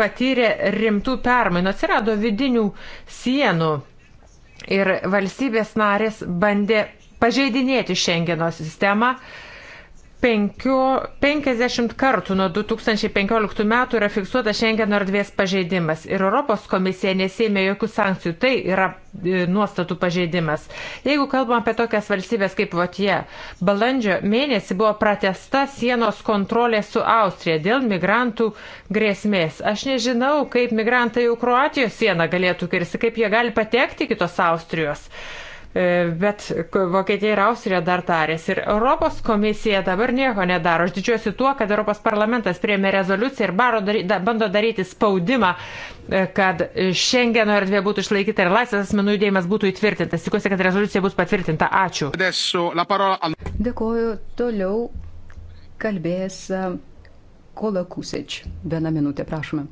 patyrė rimtų permainų, atsirado vidinių sienų ir valstybės narės bandė pažeidinėti Šengeno sistemą, uh, penkiu, 50 kartų nuo 2015 metų yra fiksuotas Schengeno erdvės pažeidimas ir Europos komisija nesėmė jokių sankcijų. Tai yra e, nuostatų pažeidimas. Jeigu kalbam apie tokias valstybės kaip Votie, balandžio mėnesį buvo pratesta sienos kontrolė su Austrija dėl migrantų grėsmės. Aš nežinau, kaip migrantai į Kroatijos sieną galėtų kirsti, kaip jie gali patekti iki tos Austrijos. Uh, E, bet Vokietija ir Austrija dar tarės. Ir Europos komisija dabar nieko nedaro. Aš didžiuosi tuo, kad Europos parlamentas priemė rezoliuciją ir baro, da, bando daryti spaudimą, e, kad Schengeno erdvė būtų išlaikyta ir laisvas asmenų judėjimas būtų įtvirtintas. Tikiuosi, kad rezoliucija bus patvirtinta. Ačiū. Dėkuoju. Toliau kalbės e, Kola Kusič. Vieną minutę, prašome.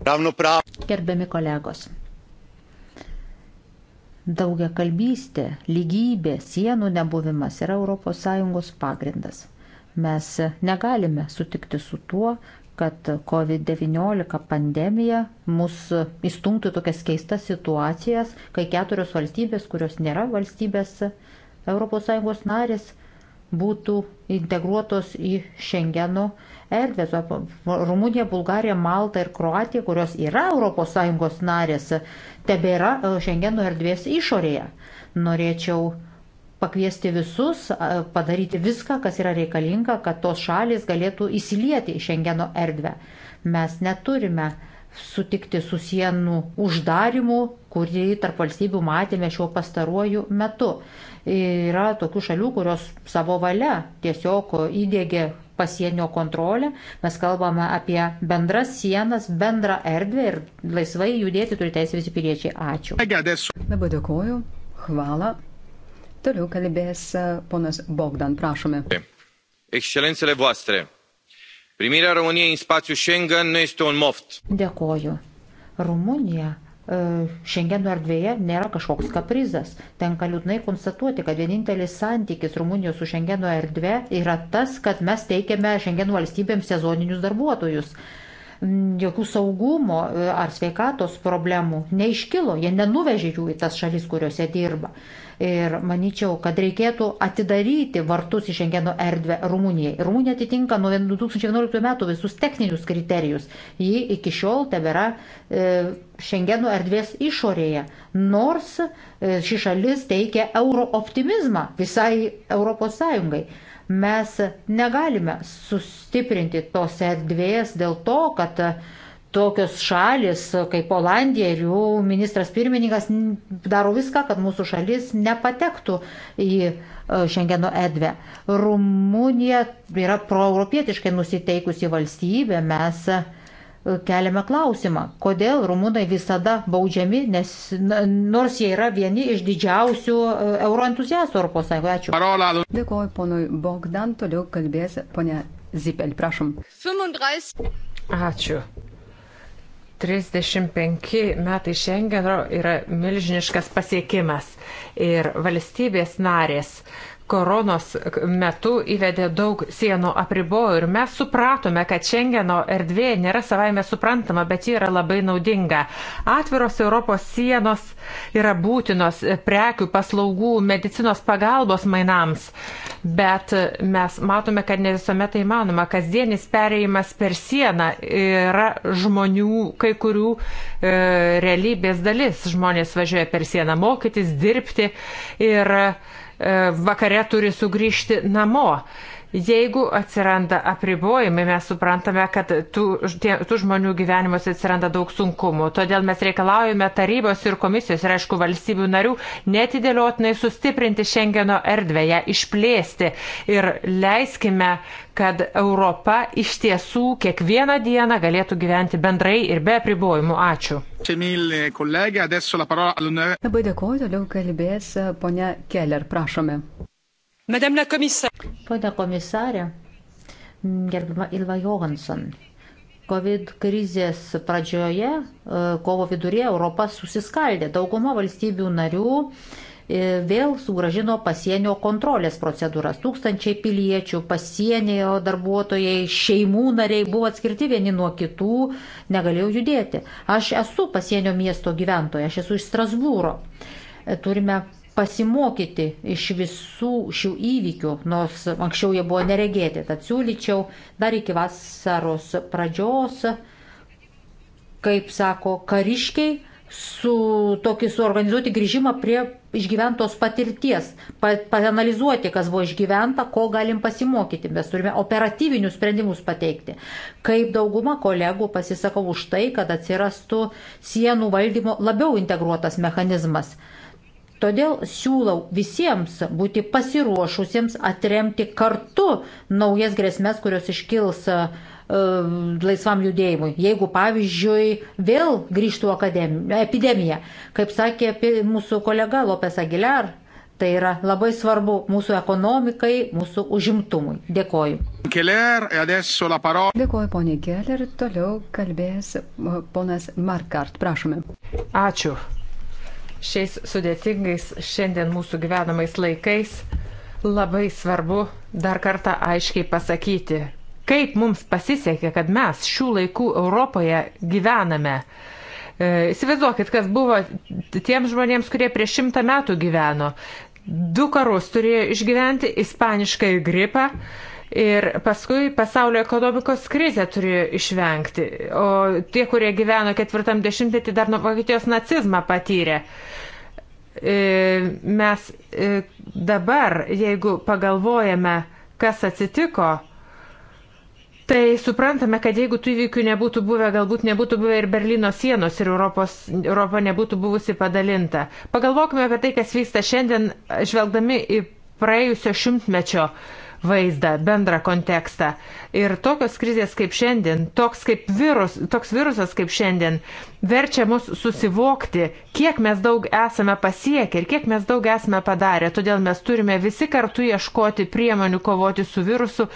Gerbiami kolegos. Daugia kalbystė, lygybė, sienų nebuvimas yra ES pagrindas. Mes negalime sutikti su tuo, kad COVID-19 pandemija mus įstumtų į tokias keistas situacijas, kai keturios valstybės, kurios nėra valstybės ES narės, būtų integruotos į Schengeno erdvės. Rumunija, Bulgarija, Malta ir Kroatija, kurios yra ES narės, tebėra e, Šengeno erdvės išorėje. Norėčiau pakviesti visus padaryti viską, kas yra reikalinga, kad tos šalis galėtų įsilieti į Šengeno erdvę. Mes neturime sutikti su sienų uždarimu, kurį tarp valstybių matėme šiuo pastaruoju metu. Yra tokių šalių, kurios savo valia tiesiog įdėgė pasienio kontrolę, mes kalbame apie bendras sienas, bendrą erdvę ir laisvai judėti turi teisę visi piliečiai. Ačiū. Labai dėkoju. Hvala. Toliau kalbės e, ponas Bogdan, prašome. Ekscelencelė vostre, primirea Rumunijai į spacijų Schengen nu este un moft. Dėkoju. Rumunija E, Šengeno erdvėje nėra kažkoks kaprizas. Tenka liūdnai konstatuoti, kad vienintelis santykis Rumunijos su Šengeno erdvė yra tas, kad mes teikiame Šengeno valstybėms sezoninius darbuotojus. Mm, jokių saugumo e, ar sveikatos problemų neiškilo, jie nenuvežė jų į tas šalis, kuriuose dirba. Ir manyčiau, kad reikėtų atidaryti vartus į Šengeno erdvę Rumunijai. Rumunija atitinka nuo 2011 metų visus techninius kriterijus. Ji iki šiol tebėra e, Šengeno erdvės išorėje. Nors e, ši šalis teikia euro optimizmą visai ES. Mes negalime sustiprinti tos erdvės dėl to, kad e, tokios šalis kaip Olandija ir jų ministras pirmininkas daro viską, kad mūsų šalis nepatektų į Šengeno e, edvę. Rumunija yra proeuropietiškai nusiteikusi valstybė, mes e, keliame klausimą, kodėl rumūnai visada baudžiami, nes nors jie yra vieni iš didžiausių e, euroentuziastų Europos Sąjungoje. Ačiū. Parola. Dėkuoju ponui Bogdan, toliau kalbės ponia Zipel, prašom. 35. Ačiū. 35 metai Schengeno yra milžiniškas pasiekimas ir valstybės narės uh, koronos metu įvedė daug sienų apribojų ir mes supratome, kad Šengeno erdvė nėra savaime suprantama, bet ji yra labai naudinga. Atviros Europos sienos yra būtinos prekių, paslaugų, medicinos pagalbos mainams, bet mes matome, kad ne visuomet tai manoma. Kasdienis perėjimas per sieną yra žmonių, kai kurių e, realybės dalis. Žmonės važiuoja per sieną mokytis, dirbti ir e, vakare turi sugrįžti namo. Jeigu atsiranda apribojimai, mes suprantame, kad tų, tie, tų žmonių gyvenimuose atsiranda daug sunkumų. Todėl mes reikalaujame tarybos ir komisijos ir, aišku, valstybių narių netidėliotinai sustiprinti Šengeno erdvę, ją išplėsti ir leiskime, kad Europa iš tiesų kiekvieną dieną galėtų gyventi bendrai ir be apribojimų. Ačiū. Labai dėkuoju, toliau kalbės ponia Keller, prašome. Pone komisarė, gerbima Ilva Johansson. COVID krizės pradžioje, e, kovo viduryje Europa susiskaldė. Dauguma valstybių narių e, vėl sugražino pasienio kontrolės procedūras. Tūkstančiai piliečių, pasienio darbuotojai, šeimų nariai buvo atskirti vieni nuo kitų, negalėjau judėti. Aš esu pasienio miesto gyventoja, aš esu iš Strasbūro. E, turime pasimokyti iš visų šių įvykių, nors anksčiau jie buvo neregėti. Tad siūlyčiau dar iki vasaros pradžios, kaip sako kariškiai, su tokį suorganizuoti grįžimą prie išgyventos patirties, panalizuoti, kas buvo išgyventa, ko galim pasimokyti. Mes turime operatyvinius sprendimus pateikti. Kaip dauguma kolegų pasisakau už tai, kad atsirastų sienų valdymo labiau integruotas mechanizmas. Todėl siūlau visiems būti pasiruošusiems atremti kartu naujas grėsmės, kurios iškils uh, laisvam judėjimui. Jeigu, pavyzdžiui, vėl grįžtų akademija, epidemija, kaip sakė mūsų kolega Lopes Aguilar, tai yra labai svarbu mūsų ekonomikai, mūsų užimtumui. Dėkoju. Keller, e Dėkoju, ponė Keller. Toliau kalbės e, ponas Markart. Prašome. Ačiū. Šiais sudėtingais šiandien mūsų gyvenamais laikais labai svarbu dar kartą aiškiai pasakyti, kaip mums pasisekė, kad mes šių laikų Europoje gyvename. E, įsivaizduokit, kas buvo tiems žmonėms, kurie prieš šimtą metų gyveno. Du karus turėjo išgyventi ispanišką gripą, Ir paskui pasaulio ekonomikos krizę turėjo išvengti. O tie, kurie gyveno ketvirtam dešimtmetį, dar nuo Vokietijos nacizmą patyrė. E, mes e, dabar, jeigu pagalvojame, kas atsitiko, Tai suprantame, kad jeigu tų įvykių nebūtų buvę, galbūt nebūtų buvę ir Berlyno sienos ir Europos, Europa nebūtų buvusi padalinta. Pagalvokime apie tai, kas vyksta šiandien, žvelgdami į praėjusio šimtmečio uh, vaizdą, bendrą kontekstą. Ir tokios krizės kaip šiandien, toks, kaip virus, toks virusas kaip šiandien, verčia mus susivokti, kiek mes daug esame pasiekę ir kiek mes daug esame padarę. Todėl mes turime visi kartu ieškoti priemonių kovoti su virusu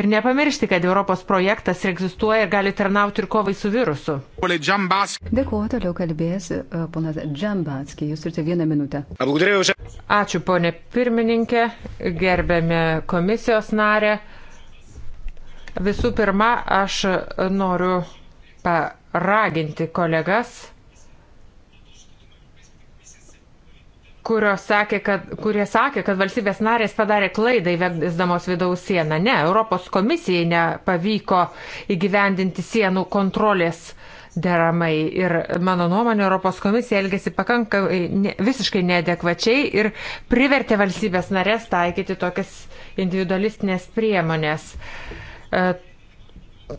ir nepamiršti, kad Europos projektas egzistuoja ir gali tarnauti ir kovai su virusu. Dėkuoju, toliau kalbės e, ponas Džambatski, jūs turite vieną minutę. Ačiū, ponė pirmininkė, gerbėme komisijos narę. Visų pirma, aš noriu paraginti kolegas, sakė, kad, kurie sakė, kad valstybės narės padarė klaidą įvedamos vidaus sieną. Ne, Europos komisijai nepavyko įgyvendinti sienų kontrolės deramai. Ir mano nuomonė, Europos komisija elgėsi pakankamai ne, visiškai neadekvačiai ir privertė valstybės narės taikyti tokias individualistinės priemonės. Uh, E,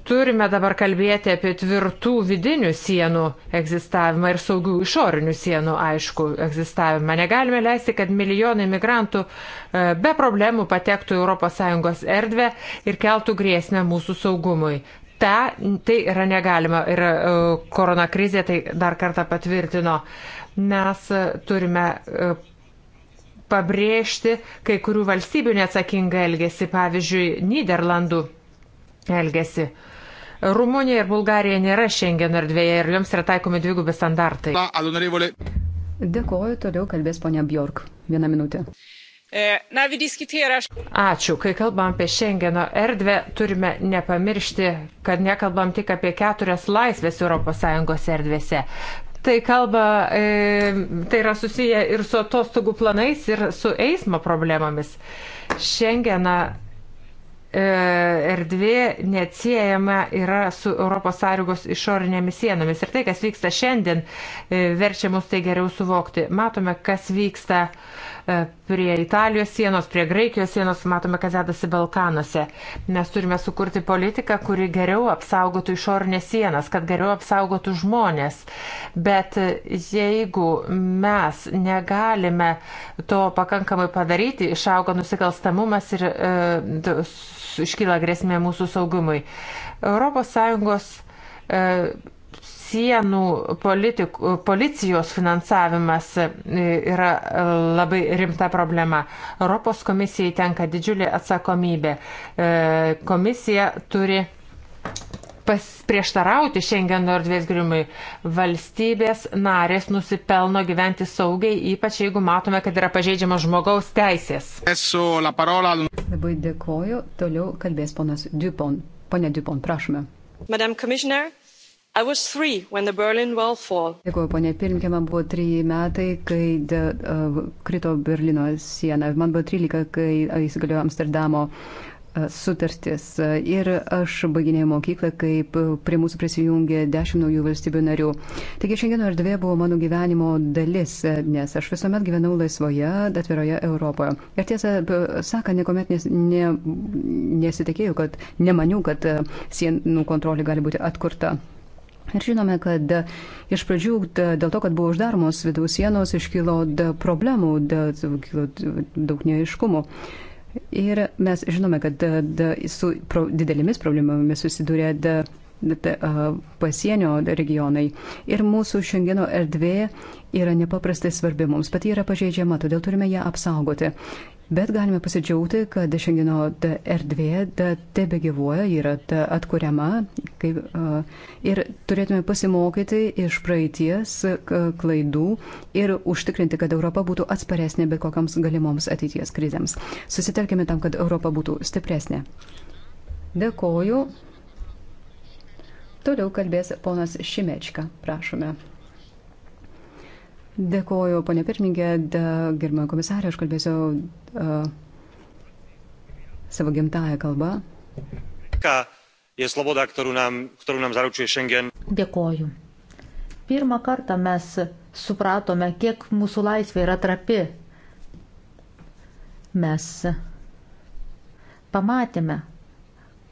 turime dabar kalbėti apie tvirtų vidinių sienų egzistavimą ir saugių išorinių sienų, aišku, egzistavimą. Negalime leisti, kad milijonai migrantų e, be problemų patektų į ES erdvę ir keltų grėsmę mūsų saugumui. Ta, tai yra negalima ir e, korona krizė tai dar kartą patvirtino. Mes turime pabrėžti kai kurių valstybių neatsakingą elgesį, pavyzdžiui, Niderlandų elgesi. Rumunija ir Bulgarija nėra Schengen erdvėje ir joms yra taikomi dvigubi standartai. Dėkuoju, toliau kalbės ponia Bjork. Vieną minutę. E, Ačiū. Kai kalbam apie Schengeno erdvę, turime nepamiršti, kad nekalbam tik apie keturias laisvės ES erdvėse. Tai kalba, e, tai yra susiję ir su atostogų planais, ir su eismo problemomis. Šengeną E, erdvė neatsiejama yra su ES išorinėmis sienomis. Ir tai, kas vyksta šiandien, e, verčia mus tai geriau suvokti. Matome, kas vyksta uh, E, prie Italijos sienos, prie Graikijos sienos, matome, kas dedasi Balkanuose. Mes turime sukurti politiką, kuri geriau apsaugotų išorinės sienas, kad geriau apsaugotų žmonės. Bet jeigu mes negalime to pakankamai padaryti, išauga nusikalstamumas ir e, iškyla grėsmė mūsų saugumui. ES sienų politik, policijos finansavimas e, yra e, labai rimta problema. Europos komisijai tenka didžiulė atsakomybė. E, komisija turi prieštarauti Schengeno erdvės grimui. Valstybės narės nusipelno gyventi saugiai, ypač jeigu matome, kad yra pažeidžiamas žmogaus teisės. Labai dėkoju. Toliau kalbės ponas Dupont. Pone Dupont, prašome. Madam Commissioner, Dėkuoju, ponė pirmkė, man buvo trijai metai, kai de, uh, krito Berlyno siena. Man buvo trylika, kai uh, įsigaliojo Amsterdamo uh, sutartis. Uh, ir aš baiginėjau mokyklą, kai uh, prie mūsų prisijungė dešimt naujų valstybių narių. Taigi šiandieno erdvė buvo mano gyvenimo dalis, nes aš visuomet gyvenau laisvoje, atviroje Europoje. Ir tiesą sakant, niekuomet nes, ne, nesitikėjau, kad nemaniau, kad uh, sienų kontrolė gali būti atkurta. Ir žinome, kad iš pradžių dėl to, kad buvo uždaromos vidaus sienos, iškilo problemų, kilo daug neaiškumų. Ir mes žinome, kad su didelėmis problemomis susidūrė pasienio regionai. Ir mūsų šengeno erdvė yra nepaprastai svarbi mums, bet ji yra pažeidžiama, todėl turime ją apsaugoti. Bet galime pasidžiaugti, kad šengeno erdvė tebe gyvuoja, yra atkuriama kaip, ir turėtume pasimokyti iš praeities klaidų ir užtikrinti, kad Europa būtų atsparesnė bet kokiams galimoms ateities krizėms. Susitelkime tam, kad Europa būtų stipresnė. Dėkoju. Toliau kalbės ponas Šimečka. Prašome. Dėkoju, ponė pirmininkė, gerbiamą komisarę, aš kalbėsiu uh, savo gimtają kalbą. Ką je sloboda, ktorú nám, ktorú nám zaručuje Schengen? Dėkoju. Pirmą kartą mes supratome, kiek mūsų laisvė yra trapi. Mes pamatėme,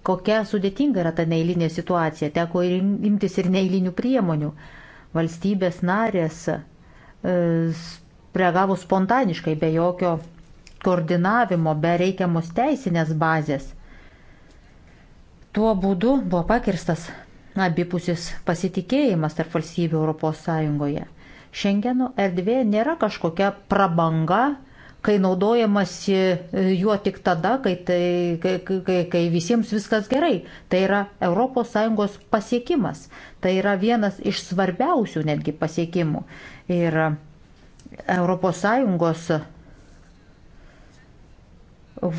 kokia sudėtinga yra ta neįlinė situacija. Teko ir imtis ir neįlinių priemonių. Valstybės narės e, reagavo spontaniškai, be jokio koordinavimo, be reikiamos teisinės bazės. Tuo būdu buvo pakirstas abipusis pasitikėjimas tarp valstybių ES. Šengeno erdvė nėra kažkokia prabanga, kai naudojamasi e, juo tik tada, kai, tai, kai, kai, kai visiems viskas gerai. Tai yra ES pasiekimas. Tai yra vienas iš svarbiausių netgi pasiekimų. Ir ES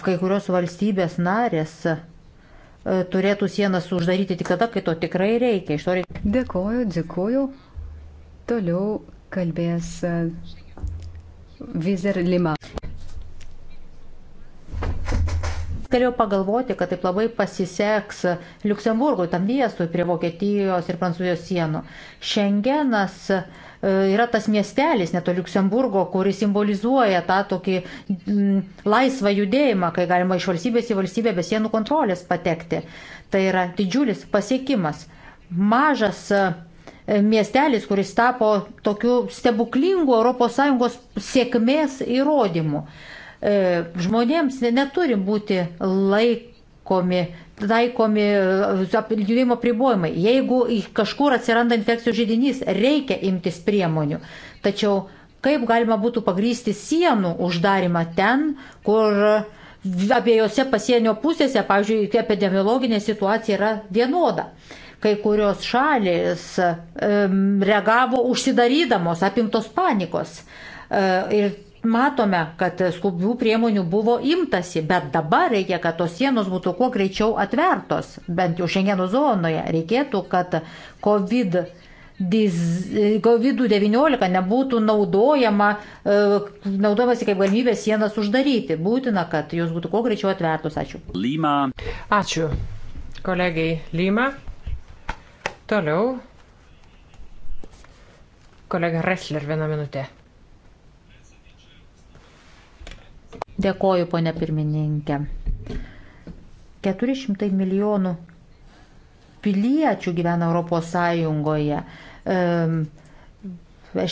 kai kurios valstybės narės e, turėtų sienas uždaryti tik tada, kai to tikrai reikia. reikia. Dėkoju, dėkoju. Toliau kalbės e, Vizer Lima. galėjau pagalvoti, kad taip labai pasiseks Luksemburgui, tam miestui prie Vokietijos ir Prancūzijos sienų. Šengenas e, yra tas miestelis neto Luksemburgo, kuris simbolizuoja tą tokį m, laisvą judėjimą, kai galima iš valstybės į valstybę be sienų kontrolės patekti. Tai yra didžiulis pasiekimas. Mažas e, miestelis, kuris tapo tokiu stebuklingu ES sėkmės įrodymu. E, žmonėms neturi būti laikomi taikomi e, judėjimo pribojimai. Jeigu kažkur atsiranda infekcijų žydinys, reikia imtis priemonių. Tačiau kaip galima būtų pagrysti sienų uždarimą ten, kur abiejose pasienio pusėse, pavyzdžiui, epidemiologinė situacija yra vienoda. Kai kurios šalis reagavo užsidarydamos, apimtos panikos. E, ir matome, kad skubių priemonių buvo imtasi, bet dabar reikia, kad tos sienos būtų kuo greičiau atvertos, bent jau Šengeno zonoje. Reikėtų, kad COVID. COVID-19 nebūtų naudojama, e, naudojamasi kaip galimybė sienas uždaryti. Būtina, kad jos būtų kuo greičiau atvertos. Ačiū. Lyma. Ačiū kolegai Lyma. Toliau. Kolega Resler vieną minutę. Dėkoju, ponė pirmininkė. 400 milijonų piliečių gyvena Europos Sąjungoje.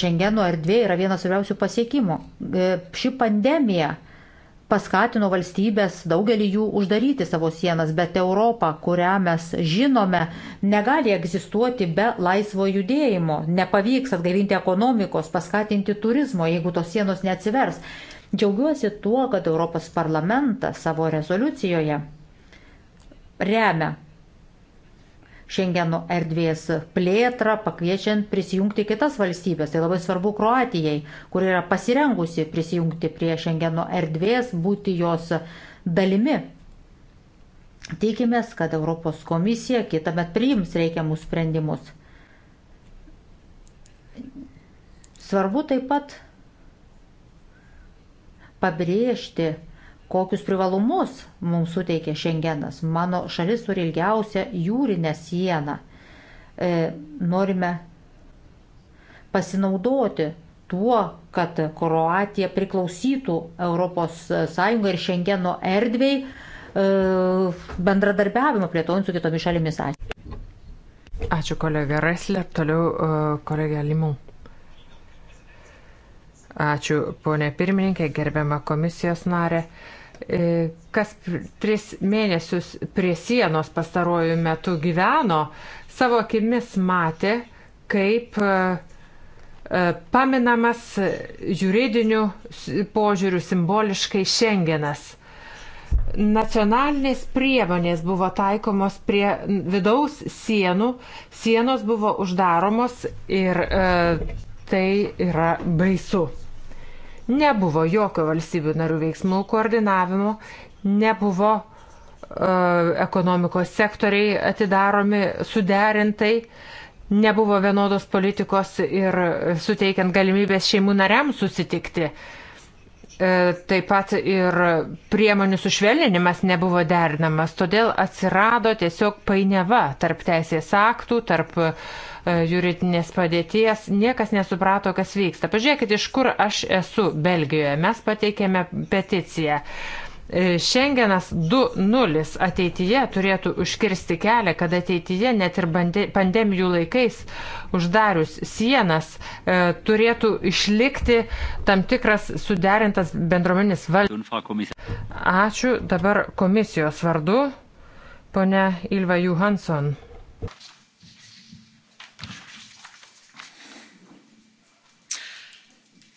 Šengeno erdvė yra vienas svarbiausių pasiekimų. E, ši pandemija paskatino valstybės daugelį jų uždaryti savo sienas, bet Europa, kurią mes žinome, negali egzistuoti be laisvo judėjimo. Nepavyks atgaivinti ekonomikos, paskatinti turizmo, jeigu tos sienos neatsivers. Džiaugiuosi tuo, kad Europos parlamentas savo rezoliucijoje remia Šengeno erdvės plėtrą, pakviečiant prisijungti kitas valstybės. Tai labai svarbu Kroatijai, kur yra pasirengusi prisijungti prie Šengeno erdvės, būti jos dalimi. Tikimės, kad Europos komisija kitą met priims reikiamus sprendimus. Svarbu taip pat pabrėžti, kokius privalumus mums suteikė Šengenas. Mano šalis turi ilgiausią jūrinę sieną. E, norime pasinaudoti tuo, kad Kroatija priklausytų ES ir Šengeno erdvėjai e, bendradarbiavimą plėtojant su kitomis šalimis. Ačiū. Ačiū kolega Resler, toliau uh, kolega Limų. Ačiū, ponė pirmininkė, gerbiama komisijos narė. E, kas tris mėnesius prie sienos pastarojų metų gyveno, savo akimis matė, kaip e, e, paminamas juridinių požiūrių simboliškai Šengenas. Nacionalinės priemonės buvo taikomos prie vidaus sienų, sienos buvo uždaromos ir e, tai yra baisu. Nebuvo jokio valstybių narių veiksmų koordinavimo, nebuvo e, ekonomikos sektoriai atidaromi suderintai, nebuvo vienodos politikos ir suteikiant galimybės šeimų nariams susitikti. E, taip pat ir priemonių sušvelninimas nebuvo derinamas, todėl atsirado tiesiog painiava tarp teisės aktų, tarp uh, E, juridinės padėties, niekas nesuprato, kas vyksta. Pažiūrėkit, iš kur aš esu Belgijoje. Mes pateikėme peticiją. E, Šengenas 2.0 ateityje turėtų užkirsti kelią, kad ateityje net ir pandemijų laikais uždarius sienas e, turėtų išlikti tam tikras suderintas bendrominis valdymas. Ačiū dabar komisijos vardu, ponia Ilva Johansson.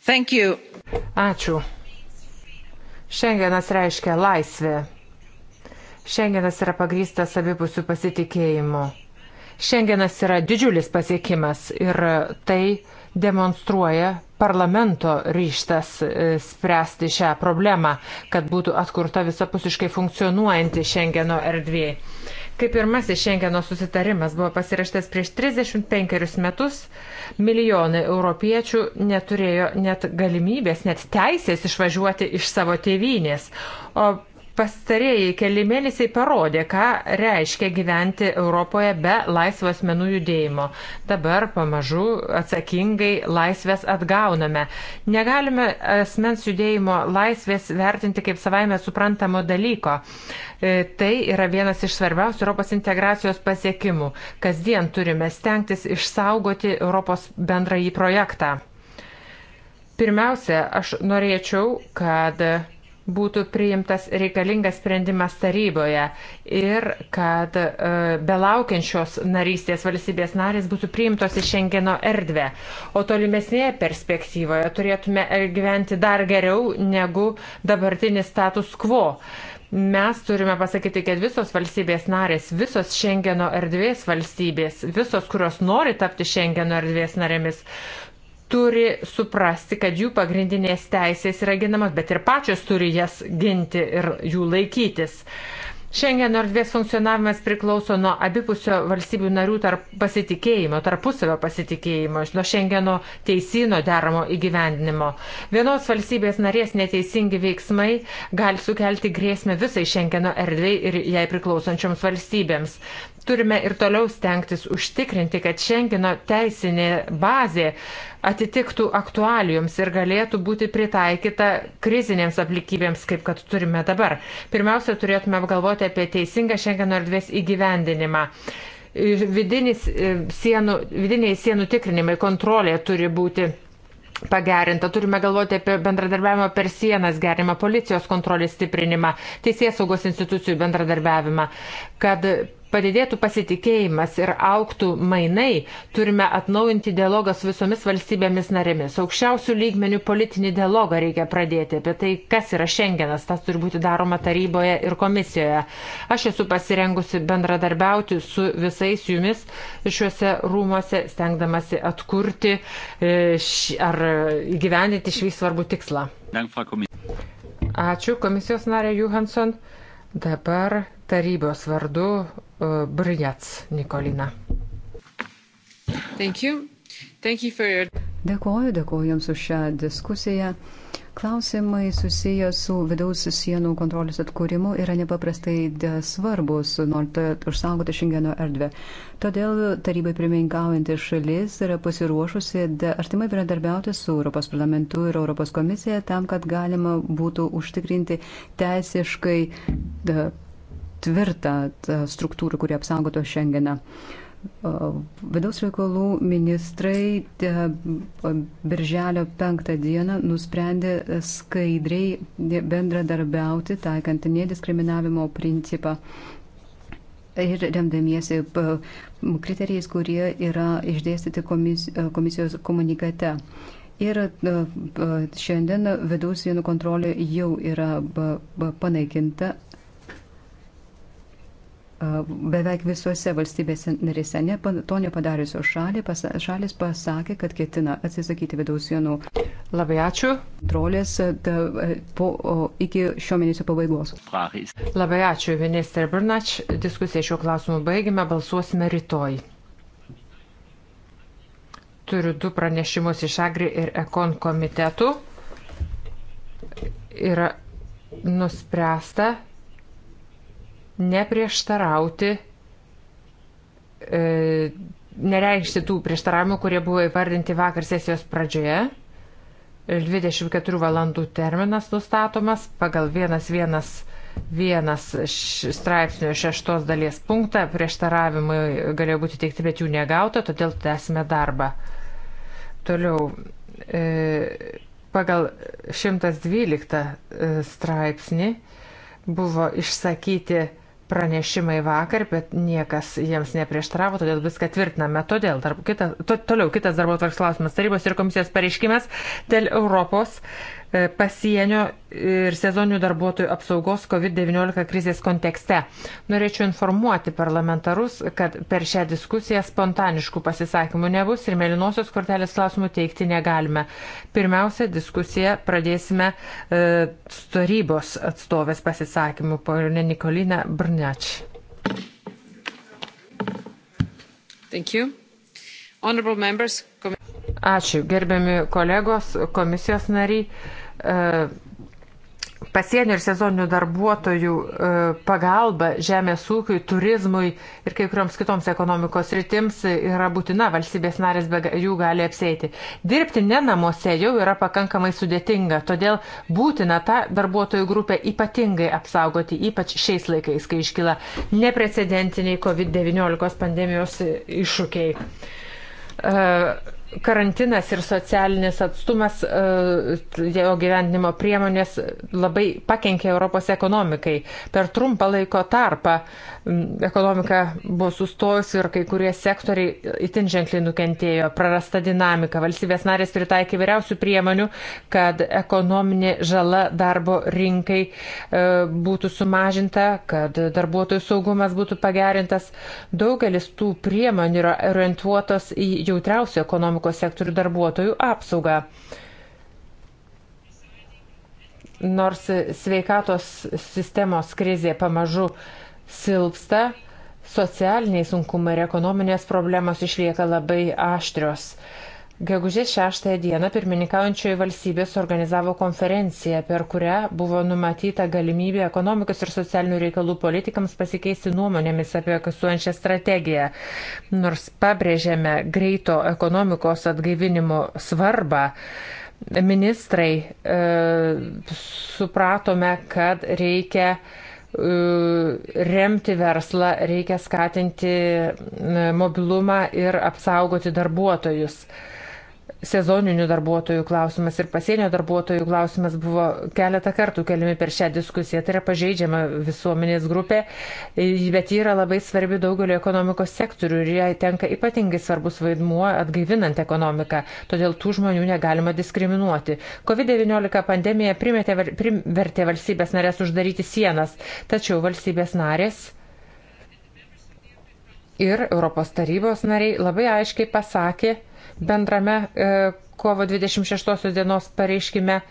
Ačiū. Šengenas reiškia laisvę. Šengenas yra pagrystas abipusių pasitikėjimų. Šengenas yra didžiulis pasiekimas ir tai demonstruoja parlamento ryštas e, spręsti šią problemą, kad būtų atkurta visapusiškai funkcionuojanti Šengeno erdvė. Kaip pirmasis Šengeno susitarimas buvo pasirašytas prieš 35 metus, milijonai europiečių neturėjo net galimybės, net teisės išvažiuoti iš savo tėvynės, o pastarėjai keli mėnesiai parodė, ką reiškia gyventi Europoje be laisvas menų judėjimo. Dabar pamažu atsakingai laisvės atgauname. Negalime asmens judėjimo laisvės vertinti kaip savaime suprantamo dalyko. E, tai yra vienas iš svarbiausių Europos integracijos pasiekimų. Kasdien turime stengtis išsaugoti Europos bendrąjį projektą. Pirmiausia, aš norėčiau, kad būtų priimtas reikalingas sprendimas taryboje ir kad e, belaukiančios narystės valstybės narės būtų priimtos į Šengeno erdvę. O tolimesnėje perspektyvoje turėtume e, gyventi dar geriau negu dabartinis status quo. Mes turime pasakyti, kad visos valstybės narės, visos Šengeno erdvės valstybės, visos, kurios nori tapti Šengeno erdvės narėmis, turi suprasti, kad jų pagrindinės teisės yra ginamas, bet ir pačios turi jas ginti ir jų laikytis. Šiandien erdvės funkcionavimas priklauso nuo abipusio valstybių narių tarp pasitikėjimo, tarpusavio pasitikėjimo, nuo Šengeno teisino deramo įgyvendinimo. Vienos valstybės narės neteisingi veiksmai gali sukelti grėsmę visai Šengeno erdvėjai ir jai priklausančioms valstybėms turime ir toliau stengtis užtikrinti, kad Šengino teisinė bazė atitiktų aktualijoms ir galėtų būti pritaikyta krizinėms aplikybėms, kaip kad turime dabar. Pirmiausia, turėtume apgalvoti apie teisingą Šengino erdvės įgyvendinimą. E, sienų, vidiniai sienų tikrinimai, kontrolė turi būti pagerinta. Turime galvoti apie bendradarbiavimą per sienas, gerimą policijos kontrolės stiprinimą, teisės saugos institucijų bendradarbiavimą, kad padidėtų pasitikėjimas ir auktų mainai, turime atnaujinti dialogą su visomis valstybėmis narėmis. Aukščiausių lygmenių politinį dialogą reikia pradėti apie tai, kas yra šiandienas, tas turi būti daroma taryboje ir komisijoje. Aš esu pasirengusi bendradarbiauti su visais jumis šiuose rūmose, stengdamasi atkurti e, ar gyveninti šį svarbų tikslą. Ačiū komisijos narė Johansson. Dabar tarybos vardu Brjac Nikolina. Thank you. Thank you for your... Dėkoju, dėkoju Jums už šią diskusiją. Klausimai susiję su vidaus sienų kontrolės atkūrimu yra nepaprastai svarbus, norint e, užsaugoti šengeno erdvę. Todėl tarybai pirmininkaujanti šalis yra pasiruošusi artimai bendradarbiauti su Europos parlamentu ir Europos komisija tam, kad galima būtų užtikrinti teisiškai tvirtą struktūrą, kuri apsaugoto šiandieną. Vidaus reikalų ministrai birželio penktą dieną nusprendė skaidriai bendradarbiauti, taikant nediskriminavimo principą ir remdamiesi kriterijais, kurie yra išdėstyti komisijos komunikate. Ir e, šiandien vidaus sienų kontrolė jau yra panaikinta beveik visose valstybėse narėse ne, to nepadariusios šalį, pas, šalis pasakė, kad ketina atsisakyti vidaus sienų. Labai ačiū. Trolės da, po, o, iki šio mėnesio pabaigos. Labai ačiū, ministrė Brnač. Diskusiją šiuo klausimu baigime, balsuosime rytoj. Turiu du pranešimus iš Agri ir Ekon komitetų. Yra nuspręsta neprieštarauti, e, nereikšti tų prieštaravimų, kurie buvo įvardinti vakar sesijos pradžioje. 24 valandų terminas nustatomas pagal 1.1.1 straipsnio šeštos dalies punktą. Prieštaravimai galėjo būti teikti, bet jų negauta, todėl tęsime darbą. Toliau. E, pagal 112 e, straipsnį buvo išsakyti pranešimai vakar, bet niekas jiems neprieštravo, todėl viską tvirtiname. Todėl, tarp, kita, to, toliau kitas darbo tvarks klausimas tarybos ir komisijos pareiškimas dėl Europos E, pasienio ir sezoninių darbuotojų apsaugos COVID-19 krizės kontekste. Norėčiau informuoti parlamentarus, kad per šią diskusiją spontaniškų pasisakymų nebus ir mėlynosios kortelės klausimų teikti negalime. Pirmiausia, diskusiją pradėsime e, tarybos atstovės pasisakymų, ponė Nikolina Brnač. Ačiū, gerbiami kolegos, komisijos nariai. E, pasienio ir sezoninių darbuotojų e, pagalba žemės ūkiui, turizmui ir kai kurioms kitoms ekonomikos rytims yra būtina, valstybės narės be jų gali apsėti. Dirbti ne namuose jau yra pakankamai sudėtinga, todėl būtina tą darbuotojų grupę ypatingai apsaugoti, ypač šiais laikais, kai iškyla neprecedentiniai COVID-19 pandemijos iššūkiai. Uh, karantinas ir socialinis atstumas, e, jo gyvenimo priemonės labai pakenkė Europos ekonomikai. Per trumpą laiko tarpą ekonomika buvo sustojusi ir kai kurie sektoriai itin ženkliai nukentėjo, prarasta dinamika. Valstybės narės pritaikė vyriausių priemonių, kad ekonominė žala darbo rinkai e, būtų sumažinta, kad darbuotojų saugumas būtų pagerintas. Daugelis tų priemonių yra orientuotos į jautriausių ekonomikos sektorių darbuotojų apsaugą nors sveikatos sistemos krizė pamažu silpsta, socialiniai sunkumai ir ekonominės problemos išlieka labai aštrios. Gegužės 6 dieną pirmininkaujančioji valstybė suorganizavo konferenciją, per kurią buvo numatyta galimybė ekonomikos ir socialinių reikalų politikams pasikeisti nuomonėmis apie kasuojančią strategiją. Nors pabrėžėme greito ekonomikos atgaivinimo svarbą, ministrai e, supratome, kad reikia e, E, remti verslą, reikia skatinti mobilumą ir apsaugoti darbuotojus sezoninių darbuotojų klausimas ir pasienio darbuotojų klausimas buvo keletą kartų keliami per šią diskusiją. Tai yra pažeidžiama visuomenės grupė, bet ji yra labai svarbi daugeliu ekonomikos sektorių ir jai tenka ypatingai svarbus vaidmuo atgaivinant ekonomiką. Todėl tų žmonių negalima diskriminuoti. COVID-19 pandemija primėtė, privertė valstybės narės uždaryti sienas, tačiau valstybės narės ir Europos tarybos nariai labai aiškiai pasakė, bendrame e, kovo 26 dienos pareiškime e,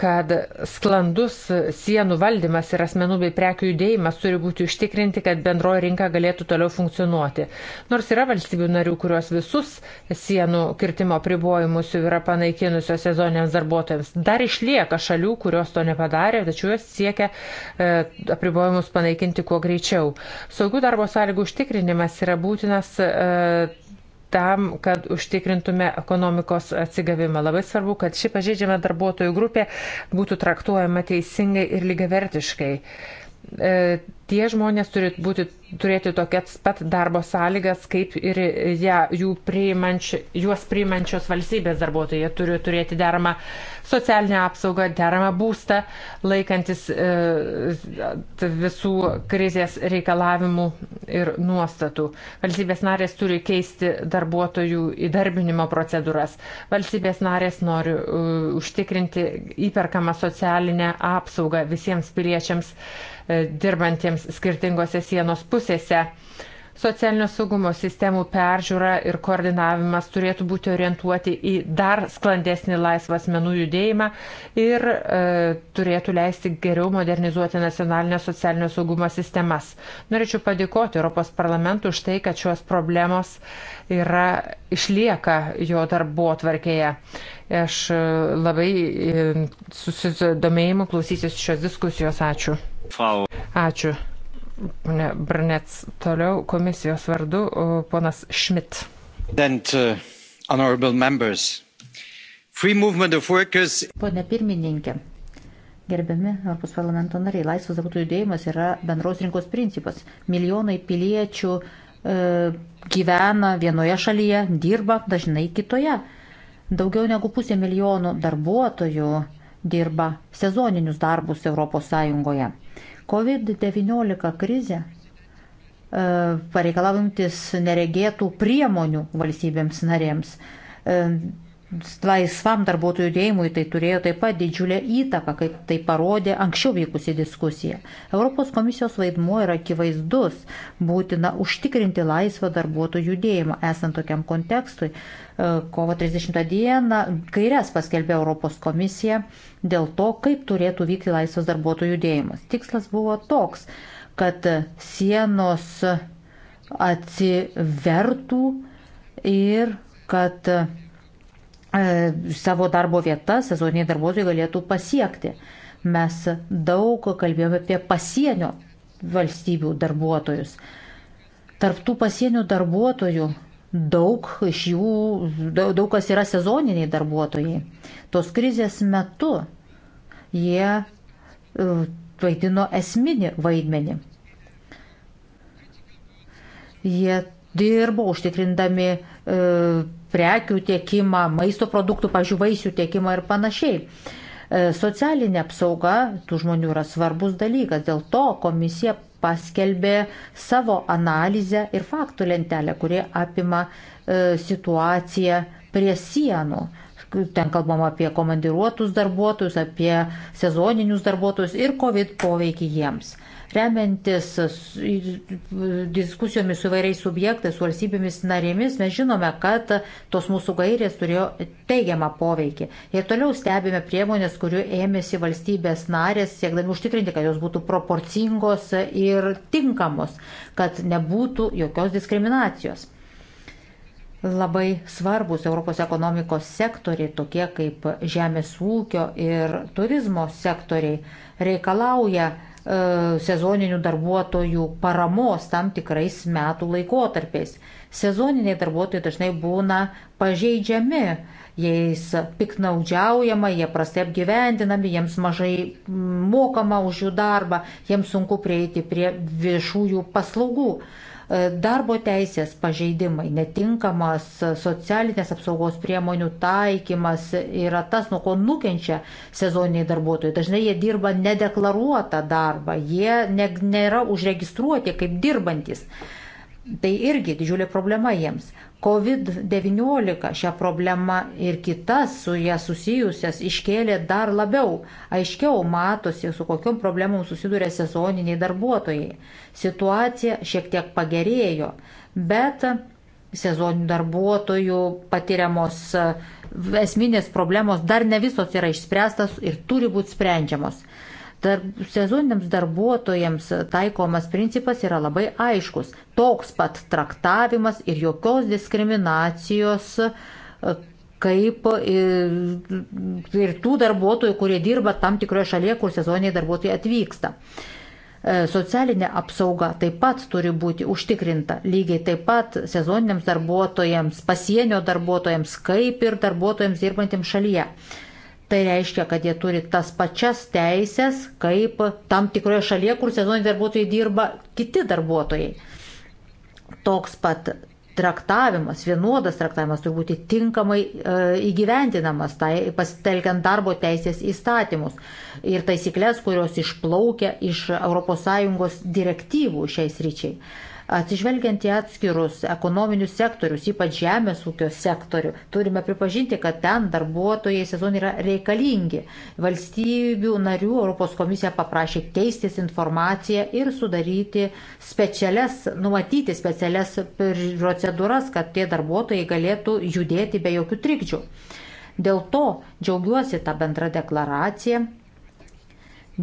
kad sklandus sienų valdymas ir asmenų bei prekių judėjimas turi būti užtikrinti, kad bendroji rinka galėtų toliau funkcionuoti. Nors yra valstybių narių, kurios visus sienų kirtimo pribojimus jau yra panaikinusios sezoniniams darbuotojams, dar išlieka šalių, kurios to nepadarė, tačiau jos siekia e, apribojimus panaikinti kuo greičiau. Saugių darbo sąlygų užtikrinimas yra būtinas. E, tam, kad užtikrintume ekonomikos atsigavimą. Labai svarbu, kad ši pažeidžiama darbuotojų grupė būtų traktuojama teisingai ir lygiavertiškai. E, tie žmonės turi būti, turėti tokias pat darbo sąlygas, kaip ir ja, priimanč, juos priimančios valstybės darbuotojai. Jie turi turėti deramą socialinę apsaugą, deramą būstą, laikantis e, visų krizės reikalavimų ir nuostatų. Valstybės narės turi keisti darbuotojų įdarbinimo procedūras. Valstybės narės nori e, užtikrinti įperkamą socialinę apsaugą visiems piliečiams. E, dirbantiems skirtingose sienos pusėse. Socialinio saugumo sistemų peržiūra ir koordinavimas turėtų būti orientuoti į dar sklandesnį laisvą asmenų judėjimą ir e, turėtų leisti geriau modernizuoti nacionalinio socialinio saugumo sistemas. Norėčiau padėkoti Europos parlamentui už tai, kad šios problemos yra išlieka jo darbo atvarkėje. Aš e, labai e, susidomėjimu klausysiu šios diskusijos. Ačiū. Ačiū. Pane Brnec, toliau komisijos vardu ponas Šmit. Uh, Pone pirmininkė, Gerbiami Europos parlamento nariai, laisvas darbuotojų judėjimas yra bendros rinkos principas. Milijonai piliečių e, gyvena vienoje šalyje, dirba dažnai kitoje. Daugiau negu pusė milijonų darbuotojų dirba sezoninius darbus ES. COVID-19 krizė e, pareikalavantis neregėtų priemonių valstybėms narėms. E, laisvam darbuotojų judėjimui tai turėjo taip pat didžiulę įtaką, kaip tai parodė anksčiau vykusi diskusija. Europos komisijos vaidmuo yra akivaizdus - būtina užtikrinti laisvą darbuotojų judėjimą. Esant tokiam kontekstui, e, kovo 30 dieną kairias paskelbė Europos komisija dėl to, kaip turėtų vykti laisvas darbuotojų judėjimas. Tikslas buvo toks, kad sienos atsivertų ir kad E, savo darbo vietas sezoniniai darbuotojai galėtų pasiekti. Mes daug kalbėjome apie pasienio valstybių darbuotojus. Tarptų pasienio darbuotojų daug iš jų, daug, daug kas yra sezoniniai darbuotojai. Tos krizės metu jie e, vaidino esminį vaidmenį. Jie dirbo užtikrindami e, prekių tiekimą, maisto produktų, pažiūrėjau, vaisių tiekimą ir panašiai. E, socialinė apsauga tų žmonių yra svarbus dalykas, dėl to komisija paskelbė savo analizę ir faktų lentelę, kurie apima e, situaciją prie sienų. Ten kalbam apie komandiruotus darbuotojus, apie sezoninius darbuotojus ir COVID poveikį jiems. Remiantis diskusijomis su vairiais subjektais, su valstybėmis narėmis, mes žinome, kad tos mūsų gairės turėjo teigiamą poveikį. Ir toliau stebime priemonės, kurių ėmėsi valstybės narės, siekdami užtikrinti, kad jos būtų proporcingos ir tinkamos, kad nebūtų jokios diskriminacijos labai svarbus Europos ekonomikos sektoriai, tokie kaip žemės ūkio ir turizmo sektoriai, reikalauja E, sezoninių darbuotojų paramos tam tikrais metų laikotarpiais. Sezoniniai darbuotojai dažnai būna pažeidžiami, jais piknaudžiaujama, jie prastai apgyvendinami, jiems mažai mokama už jų darbą, jiems sunku prieiti prie viešųjų paslaugų. Darbo teisės pažeidimai, netinkamas socialinės apsaugos priemonių taikymas yra tas, nuo ko nukenčia sezoniniai darbuotojai. Dažnai jie dirba nedeklaruotą darbą, jie ne, nėra užregistruoti kaip dirbantis. Tai irgi didžiulė problema jiems. COVID-19 šią problemą ir kitas su ją susijusias iškėlė dar labiau. Aiškiau matosi, su kokiam problemom susiduria sezoniniai darbuotojai. Situacija šiek tiek pagerėjo, bet sezoninių darbuotojų patiriamos e, esminės problemos dar ne visos yra išspręstas ir turi būti sprendžiamos. Tarp sezoniniams darbuotojams taikomas principas yra labai aiškus. Toks pat traktavimas ir jokios diskriminacijos e, kaip e, ir tų darbuotojų, kurie dirba tam tikroje šalyje, kur sezoniniai darbuotojai atvyksta. E, socialinė apsauga taip pat turi būti užtikrinta, lygiai taip pat sezoniniams darbuotojams, pasienio darbuotojams, kaip ir darbuotojams dirbantiems šalyje. Tai reiškia, kad jie turi tas pačias teisės, kaip tam tikroje šalyje, kur sezoniniai darbuotojai dirba kiti darbuotojai. Toks pat traktavimas, vienodas traktavimas turi būti tinkamai e, įgyvendinamas, tai pasitelkiant darbo teisės įstatymus ir taisyklės, kurios išplaukia iš ES direktyvų šiais ryčiai. Atsižvelgiant į atskirus ekonominius sektorius, ypač žemės ūkio sektorių, turime pripažinti, kad ten darbuotojai sezon yra reikalingi. Valstybių narių Europos komisija paprašė keistis informaciją ir sudaryti specialias, numatyti specialias procedūras, kad tie darbuotojai galėtų judėti be jokių trikdžių. Dėl to džiaugiuosi tą bendrą deklaraciją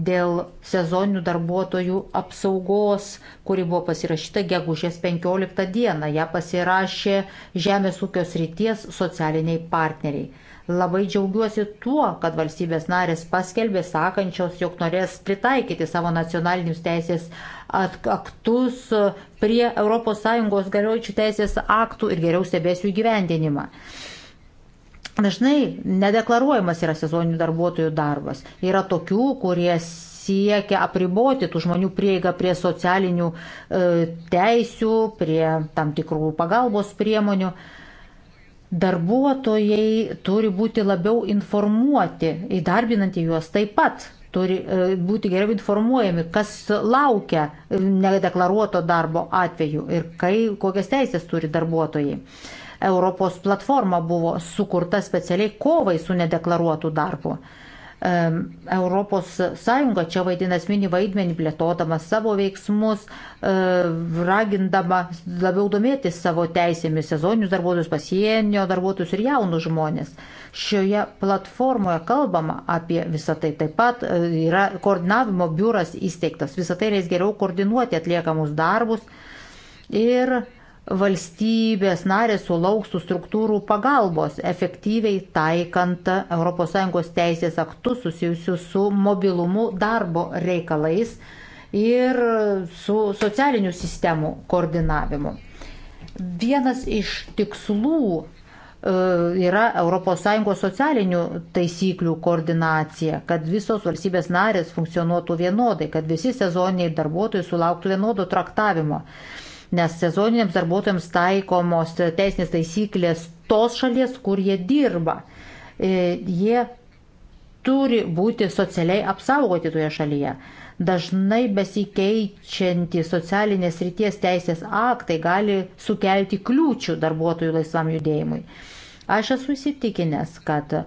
dėl sezoninių darbuotojų apsaugos, kuri buvo pasirašyta gegužės 15 dieną. Ja pasirašė Žemės ūkio srities socialiniai partneriai. Labai džiaugiuosi tuo, kad valstybės narės paskelbė sakančios, jog norės pritaikyti savo nacionalinius teisės aktus prie ES galiojančių teisės aktų ir geriau stebės jų gyvendinimą. Dažnai nedeklaruojamas yra sezoninių darbuotojų darbas. Yra tokių, kurie siekia apriboti tų žmonių prieigą prie socialinių e, teisių, prie tam tikrų pagalbos priemonių. Darbuotojai turi būti labiau informuoti, įdarbinant į juos taip pat turi e, būti geriau informuojami, kas laukia nedeklaruoto darbo atveju ir kai, kokias teisės turi darbuotojai. E, Europos platforma buvo sukurta specialiai kovai su nedeklaruotu darbu. Europos Sąjunga čia vaidina asmenį vaidmenį, plėtodama savo veiksmus, e, ragindama labiau domėtis savo teisėmis sezoninius darbuotojus, pasienio darbuotojus ir jaunus žmonės. Šioje platformoje kalbama apie visą tai. Taip pat e, yra koordinavimo biuras įsteigtas. Visą tai leis geriau koordinuoti atliekamus darbus ir valstybės narės sulauks tų struktūrų pagalbos, efektyviai taikant ES teisės aktus susijusius su mobilumu darbo reikalais ir su socialinių sistemų koordinavimu. Vienas iš tikslų e, yra ES socialinių taisyklių koordinacija, kad visos valstybės narės funkcionuotų vienodai, kad visi sezoniniai darbuotojai sulauktų vienodo traktavimo nes sezoniniams darbuotojams taikomos teisinės taisyklės tos šalies, kur jie dirba. E, jie turi būti socialiai apsaugoti toje šalyje. Dažnai besikeičianti socialinės ryties teisės aktai gali sukelti kliūčių darbuotojų laisvam judėjimui. Aš esu įsitikinęs, kad uh,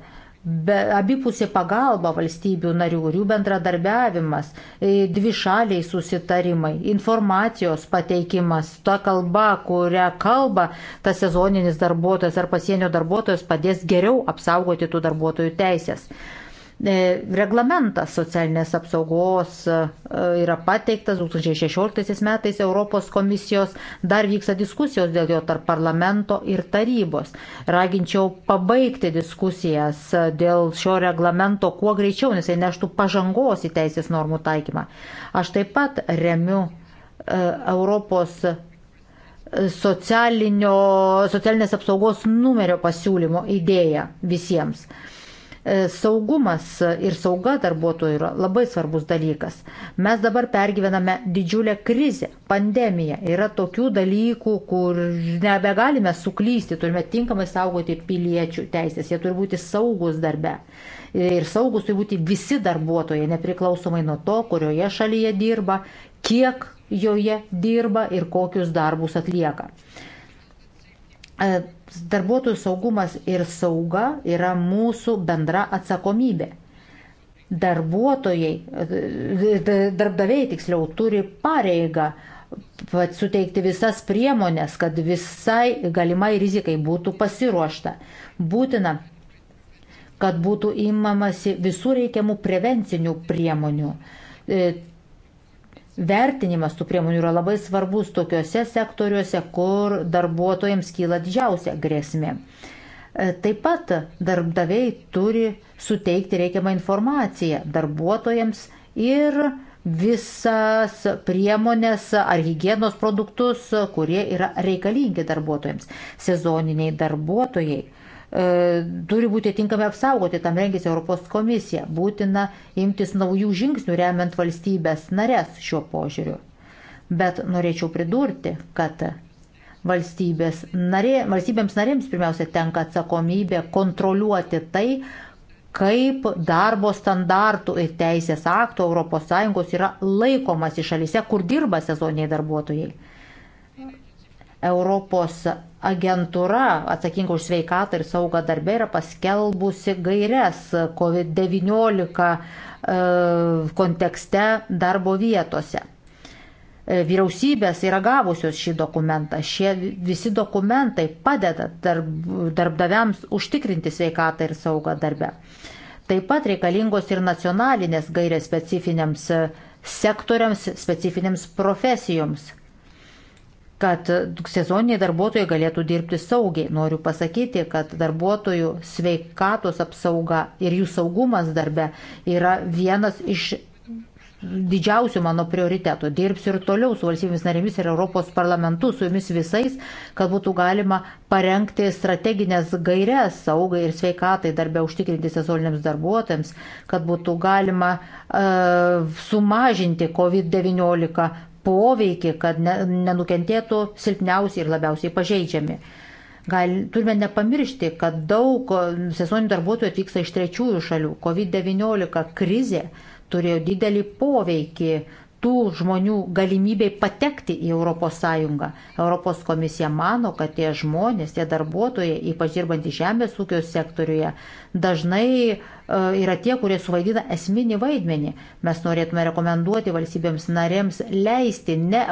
be, abipusė pagalba valstybių narių ir jų bendradarbiavimas, e, dvi šaliai susitarimai, informacijos pateikimas, ta kalba, kurią kalba tas sezoninis darbuotojas ar pasienio darbuotojas padės geriau apsaugoti tų darbuotojų teisės. E, reglamentas socialinės apsaugos e, yra pateiktas 2016 metais Europos komisijos, dar vyksta diskusijos dėl jo tarp parlamento ir tarybos. Raginčiau pabaigti diskusijas e, dėl šio reglamento kuo greičiau, nes jis neštų pažangos į teisės normų taikymą. Aš taip pat remiu Europos socialinės apsaugos numerio pasiūlymo idėją visiems. E, saugumas ir sauga darbuotojų yra labai svarbus dalykas. Mes dabar pergyvename didžiulę krizę, pandemiją. Yra tokių dalykų, kur nebegalime suklysti, turime tinkamai saugoti piliečių teisės, jie turi būti saugus darbe. Ir saugus turi būti visi darbuotojai, nepriklausomai nuo to, kurioje šalyje dirba, kiek joje dirba ir kokius darbus atlieka e, Darbuotojų saugumas ir sauga yra mūsų bendra atsakomybė. Darbuotojai, darbdaviai tiksliau, turi pareigą suteikti visas priemonės, kad visai galimai rizikai būtų pasiruošta. Būtina, kad būtų įmamasi visų reikiamų prevencinių priemonių e, Vertinimas tų priemonių yra labai svarbus tokiuose sektoriuose, kur darbuotojams kyla didžiausia grėsmė. E, taip pat darbdaviai turi suteikti reikiamą informaciją darbuotojams ir visas priemonės ar hygienos produktus, kurie yra reikalingi darbuotojams. Sezoniniai darbuotojai E, turi būti tinkamai apsaugoti, tam rengėsi Europos komisija. Būtina imtis naujų žingsnių remiant valstybės narės šiuo požiūriu. Bet norėčiau pridurti, kad valstybės narė, valstybėms narėms pirmiausia tenka atsakomybė kontroliuoti tai, kaip darbo standartų ir teisės aktų ES yra laikomas į šalise, kur dirba sezoniniai darbuotojai. Europos agentūra atsakinga už sveikatą ir saugą darbę yra paskelbusi gairias COVID-19 e, kontekste darbo vietose. E, vyriausybės yra gavusios šį dokumentą. Šie visi dokumentai padeda darb, darbdaviams užtikrinti sveikatą ir saugą darbę. Taip pat reikalingos ir nacionalinės gairės specifiniams sektoriams, specifinėms profesijoms kad sezoniniai darbuotojai galėtų dirbti saugiai. Noriu pasakyti, kad darbuotojų sveikatos apsauga ir jų saugumas darbe yra vienas iš didžiausių mano prioritetų. Dirbsiu ir toliau su valstybėmis narėmis ir Europos parlamentu, su jumis visais, kad būtų galima parengti strateginės gairias saugai ir sveikatai darbę užtikrinti sezoniniams darbuotojams, kad būtų galima uh, sumažinti COVID-19 poveikį, kad ne, nenukentėtų silpniausiai ir labiausiai pažeidžiami. Gal, turime nepamiršti, kad daug sezoninių darbuotojų atvyksta iš trečiųjų šalių. COVID-19 krizė turėjo didelį poveikį tų žmonių galimybei patekti į ES. Europos komisija mano, kad tie žmonės, tie darbuotojai, ypač dirbantys žemės ūkio sektoriuje, dažnai E, yra tie, kurie suvaidina esminį vaidmenį. Mes norėtume rekomenduoti valstybėms narėms leisti ne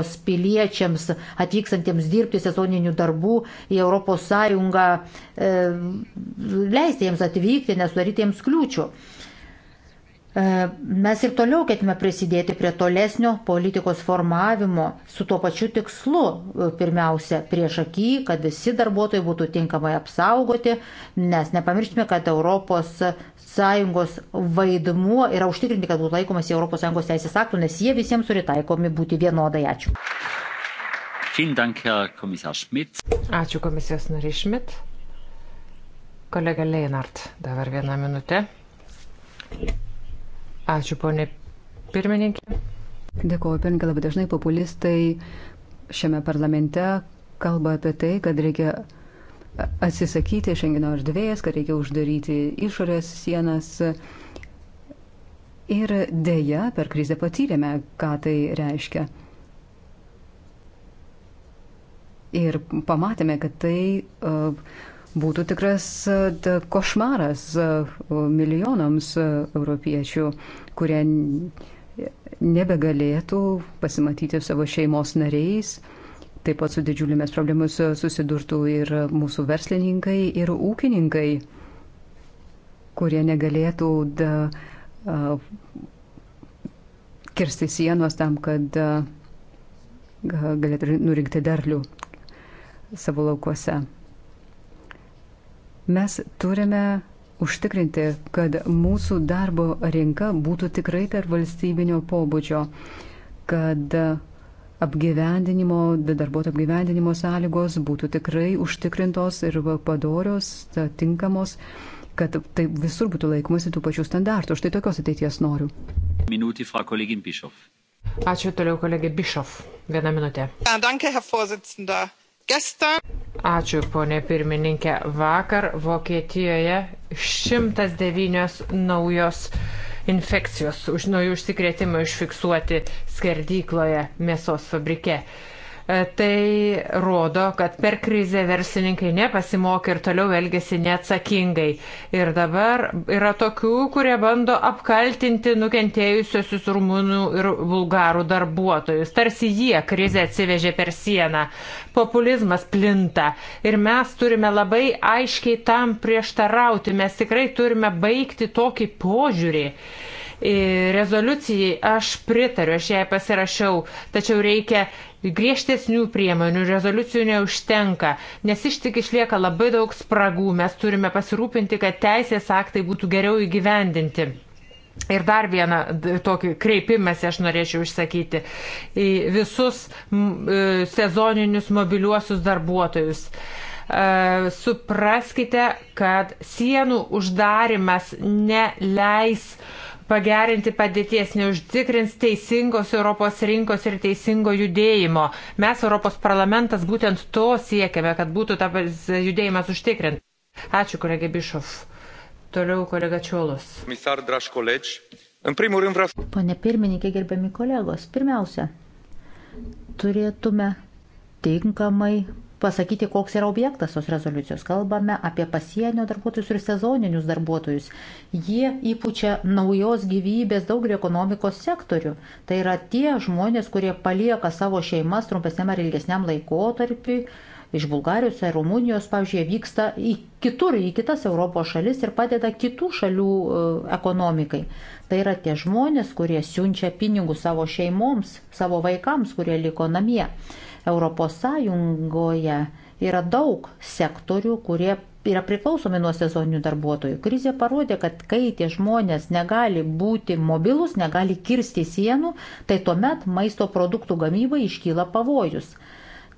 ES piliečiams atvykstantiems dirbti sezoninių darbų į ES, e, leisti jiems atvykti, nesudaryti jiems kliūčių. E, mes ir toliau ketime prisidėti prie tolesnio politikos formavimo su tuo pačiu tikslu, e, pirmiausia, prieš akį, kad visi darbuotojai būtų tinkamai apsaugoti, nes nepamirškime, kad ES vaidmuo yra užtikrinti, kad būtų laikomas ES teisės aktų, nes jie visiems turi taikomi būti vienodai. Ačiū. Ačiū komisijos nariai Šmit. Kolega Leinart, dabar vieną minutę. Thank you. Ačiū, ponė pirmininkė. Dėkuoju, pirmininkė, labai dažnai populistai šiame parlamente kalba apie tai, kad reikia atsisakyti šengino erdvės, kad reikia uždaryti išorės sienas. Ir dėja, per krizę patyrėme, ką tai reiškia. Ir pamatėme, kad tai uh, būtų tikras e, košmaras e, milijonams e, europiečių, kurie nebegalėtų pasimatyti savo šeimos nariais. Taip pat su didžiulėmis problemus susidurtų ir mūsų verslininkai, ir ūkininkai, kurie negalėtų da, a, kirsti sienos tam, kad a, galėtų nurinkti derlių savo laukuose. Mes turime užtikrinti, kad mūsų darbo rinka būtų tikrai tarp valstybinio pobūdžio, kad apgyvendinimo, darbuotojų apgyvendinimo sąlygos būtų tikrai užtikrintos ir padorios, tinkamos, kad tai visur būtų laikomasi tų pačių standartų. Štai tokios ateities noriu. Minutį, fra kolegin Bišov. Ačiū toliau, kolegė Bišov. Vieną minutę. Ja, danke, Herr Vorsitzender. Ačiū, ponė pirmininkė. Vakar Vokietijoje 109 naujos infekcijos už naujų užsikrėtimų išfiksuoti skerdykloje mėsos fabrike. E, tai rodo, kad per krizę verslininkai nepasimokė ir toliau elgesi neatsakingai. Ir dabar yra tokių, kurie bando apkaltinti nukentėjusiosius rumunų ir bulgarų darbuotojus. Tarsi jie krizę atsivežė per sieną. Populizmas plinta. Ir mes turime labai aiškiai tam prieštarauti. Mes tikrai turime baigti tokį požiūrį. E, rezoliucijai aš pritariu, aš ją pasirašiau, tačiau reikia griežtesnių priemonių, rezoliucijų neužtenka, nes iš tik išlieka labai daug spragų, mes turime pasirūpinti, kad teisės aktai būtų geriau įgyvendinti. Ir dar vieną tokį kreipimąsi aš norėčiau išsakyti į visus e, sezoninius mobiliuosius darbuotojus e, supraskite, kad sienų uždarimas neleis uh, pagerinti padėties neužtikrins teisingos Europos rinkos ir teisingo judėjimo. Mes, Europos parlamentas, būtent to siekiame, kad būtų tas judėjimas užtikrintas. Ačiū, kolegė Bišov. Toliau kolega Čiolos. Misar, draž koleč. Pane pirmininkė, gerbiami kolegos, pirmiausia, turėtume tinkamai pasakyti, koks yra objektas tos rezoliucijos. Kalbame apie pasienio darbuotojus ir sezoninius darbuotojus. Jie įpučia naujos gyvybės daugelį ekonomikos sektorių. Tai yra tie žmonės, kurie palieka savo šeimas trumpesniam ar ilgesniam laikotarpiui. Iš Bulgarijos ar Rumunijos, pavyzdžiui, vyksta į kitur, į kitas Europos šalis ir padeda kitų šalių e, ekonomikai. Tai yra tie žmonės, kurie siunčia pinigus savo šeimoms, savo vaikams, kurie liko namie. ES yra daug sektorių, kurie yra priklausomi nuo sezoninių darbuotojų. Krizė parodė, kad kai tie žmonės negali būti mobilus, negali kirsti sienų, tai tuomet maisto produktų gamybai iškyla pavojus.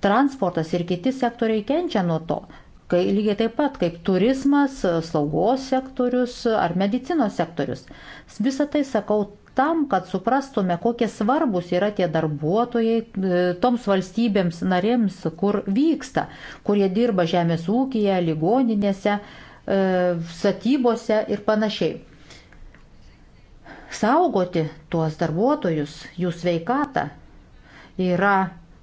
Transportas ir kiti sektoriai kenčia nuo to. Kai, lygiai taip pat kaip turizmas, slaugos sektorius ar medicinos sektorius. Visą tai sakau tam, kad suprastume, kokie svarbus yra tie darbuotojai e, toms valstybėms narėms, kur vyksta, kurie dirba žemės ūkija, ligoninėse, e, statybose ir panašiai. Saugoti tuos darbuotojus, jų sveikatą yra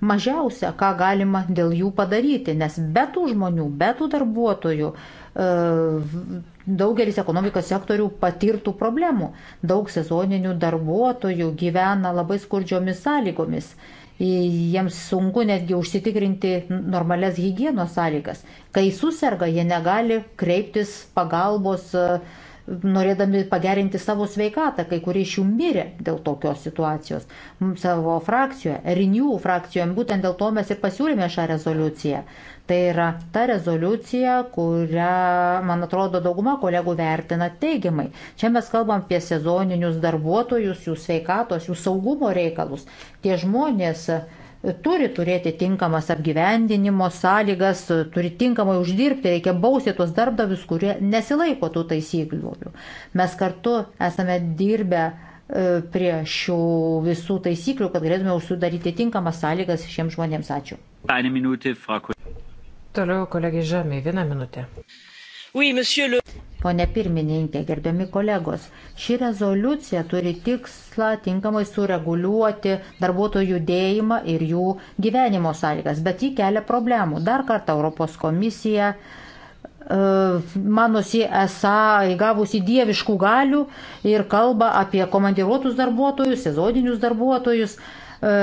mažiausia, ką galima dėl jų padaryti, nes be tų žmonių, be tų darbuotojų e, daugelis ekonomikos sektorių patirtų problemų. Daug sezoninių darbuotojų gyvena labai skurdžiomis sąlygomis. Jiems sunku netgi užsitikrinti normales hygienos sąlygas. Kai susirga, jie negali kreiptis pagalbos, e, norėdami pagerinti savo sveikatą. Kai kurie iš jų mirė dėl tokios situacijos. Savo frakcijoje, Renew frakcijoje, būtent dėl to mes ir pasiūlėme šią rezoliuciją. Tai yra ta rezoliucija, kurią, man atrodo, dauguma kolegų vertina teigiamai. Čia mes kalbam apie sezoninius darbuotojus, jų sveikatos, jų saugumo reikalus. Tie žmonės e, turi turėti tinkamas apgyvendinimo sąlygas, e, turi tinkamai uždirbti, reikia bausti tuos darbdavius, kurie nesilaiko tų taisyklių. Mes kartu esame dirbę e, prie šių visų taisyklių, kad galėtume užsudaryti tinkamas sąlygas šiems žmonėms. Ačiū. Toliau kolegai Žemė, vieną minutę. Oui, monsieur le. Pone pirmininkė, gerbiami kolegos, ši rezoliucija turi tikslą tinkamai sureguliuoti darbuotojų judėjimą ir jų gyvenimo sąlygas, bet ji kelia problemų. Dar kartą Europos komisija e, manosi esą įgavusi dieviškų galių ir kalba apie komandiruotus darbuotojus, sezoninius darbuotojus. E,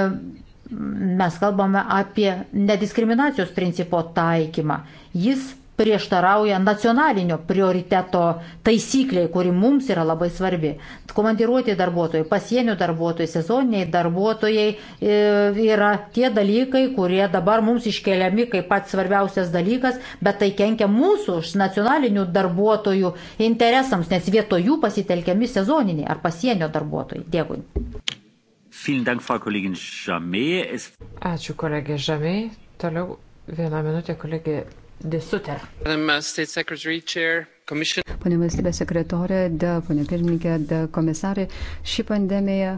mes kalbame apie nediskriminacijos principo taikymą. Jis prieštarauja nacionalinio prioriteto taisykliai, kuri mums yra labai svarbi. Komandiruoti darbuotojai, pasienio darbuotojai, sezoniniai darbuotojai e, yra tie dalykai, kurie dabar mums iškeliami kaip pats svarbiausias dalykas, bet tai kenkia mūsų nacionalinių darbuotojų interesams, nes vietoj jų pasitelkiami sezoniniai ar pasienio darbuotojai. Dėkui. Ačiū kolegė Žamiai. Toliau vieną minutę kolegė Disuter. Uh, pane valstybės sekretorė, pane pirmininkė, komisarė, ši pandemija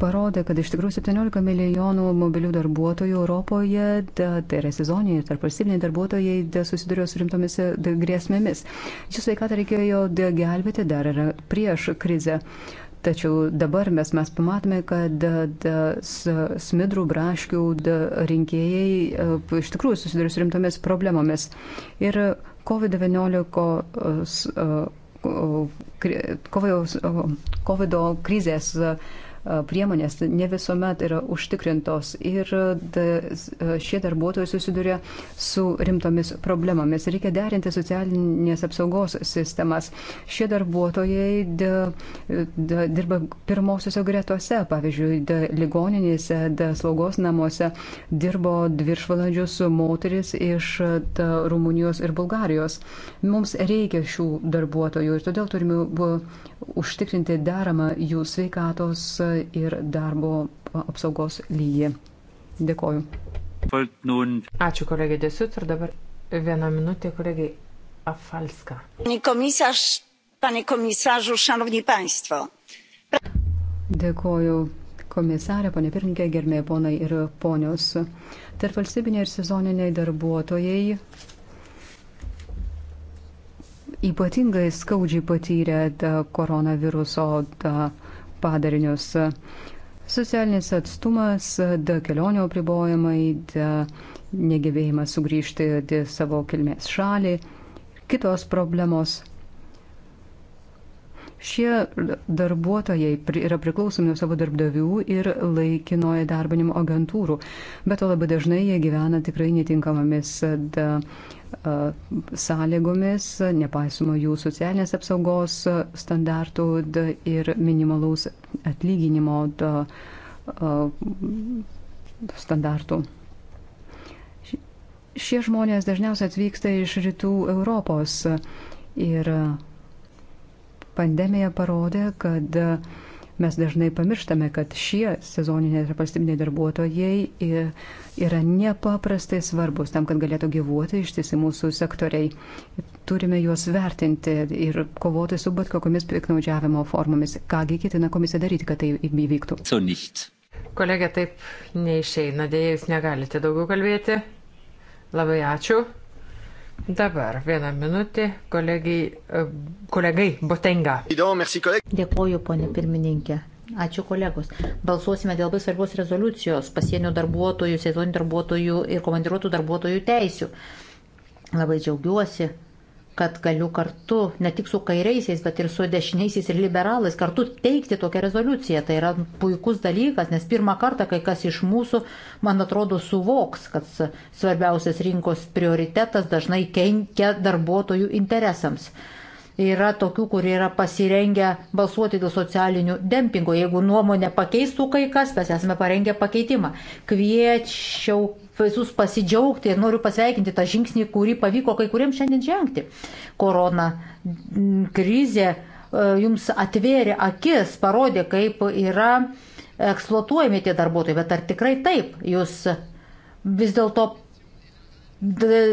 parodė, kad iš tikrųjų 17 milijonų mobilių darbuotojų Europoje, da, tai yra sezoniniai ir tarpvalstybiniai darbuotojai, da, susiduria su rimtomis da, grėsmėmis. Jų sveikatą reikėjo da, gelbėti dar prieš krizę. Uh, Tačiau dabar mes, mes pamatome, kad da, smidrų braškių da, rinkėjai e, iš tikrųjų susiduria su rimtomis problemomis. Ir COVID-19 COVID e, e, krizės priemonės ne visuomet yra užtikrintos ir šie darbuotojai susiduria su rimtomis problemomis. Reikia derinti socialinės apsaugos sistemas. Šie darbuotojai de, de, dirba pirmosiose gretose, pavyzdžiui, de, ligoninėse, de, slaugos namuose dirbo viršvalandžius moteris iš de, Rumunijos ir Bulgarijos. Mums reikia šių darbuotojų ir todėl turime užtikrinti deramą jų sveikatos ir darbo apsaugos lygį. Dėkoju. Ačiū kolegė Desiut ir dabar vieną minutę kolegė Afalska. Komisarz, panie komisarzu, szanowni państwo. Dėkoju komisarė, ponė pirmininkė, gerbėjai ponai ir ponios. Tarp valstybiniai ir sezoniniai darbuotojai ypatingai skaudžiai patyrė da, koronaviruso da, uh, padarinius. Socialinis atstumas, da kelionio apribojimai, da negebėjimas sugrįžti į savo kilmės šalį, kitos problemos. Šie darbuotojai yra priklausomi nuo savo darbdavių ir laikinoje darbinimo agentūrų, bet to labai dažnai jie gyvena tikrai netinkamomis da, uh, sąlygomis, nepaisoma jų socialinės apsaugos standartų ir minimalaus atlyginimo standartų. Šie žmonės dažniausiai atvyksta iš rytų Europos ir pandemija parodė, kad uh, Mes dažnai pamirštame, kad šie sezoniniai ir valstybiniai darbuotojai yra nepaprastai svarbus tam, kad galėtų gyvuoti ištisi mūsų sektoriai. Turime juos vertinti ir kovoti su bet kokiamis piknaudžiavimo formomis. Kągi ketina komisija daryti, kad tai įvyktų? So nicht. Kolegė, taip neišeina, dėja jūs negalite daugiau kalbėti. Labai ačiū. Dabar vieną minutę kolegai, e, kolegai Botenga. Dėkuoju, ponė pirmininkė. Ačiū kolegos. Balsuosime dėl labai svarbios rezoliucijos pasienio darbuotojų, sezoninių darbuotojų ir komandiruotų darbuotojų teisių. Labai džiaugiuosi, kad galiu kartu ne tik su kairiaisiais, bet ir su dešiniaisiais ir liberalais kartu teikti tokią rezoliuciją. Tai yra puikus dalykas, nes pirmą kartą kai kas iš mūsų, man atrodo, suvoks, kad svarbiausias rinkos prioritetas dažnai kenkia darbuotojų interesams yra tokių, kurie yra pasirengę balsuoti dėl socialinių dempingo. Jeigu nuomonę pakeistų kai kas, mes esame parengę pakeitimą. Kviečiau visus pasidžiaugti ir noriu pasveikinti tą žingsnį, kurį pavyko kai kuriems šiandien žengti. Korona krizė e, jums atvėrė akis, parodė, kaip yra eksploatuojami tie darbuotojai, bet ar tikrai taip jūs vis dėlto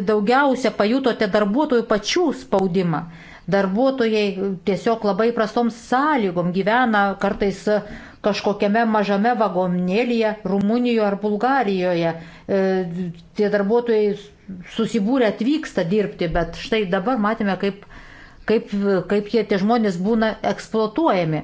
daugiausia pajutote darbuotojų pačių spaudimą. Darbuotojai tiesiog labai prastom sąlygom gyvena kartais kažkokiame mažame vagonėlyje Rumunijoje ar Bulgarijoje. E, tie darbuotojai susibūrę atvyksta dirbti, bet štai dabar matėme, kaip, kaip, kaip jie, tie žmonės būna eksploatuojami.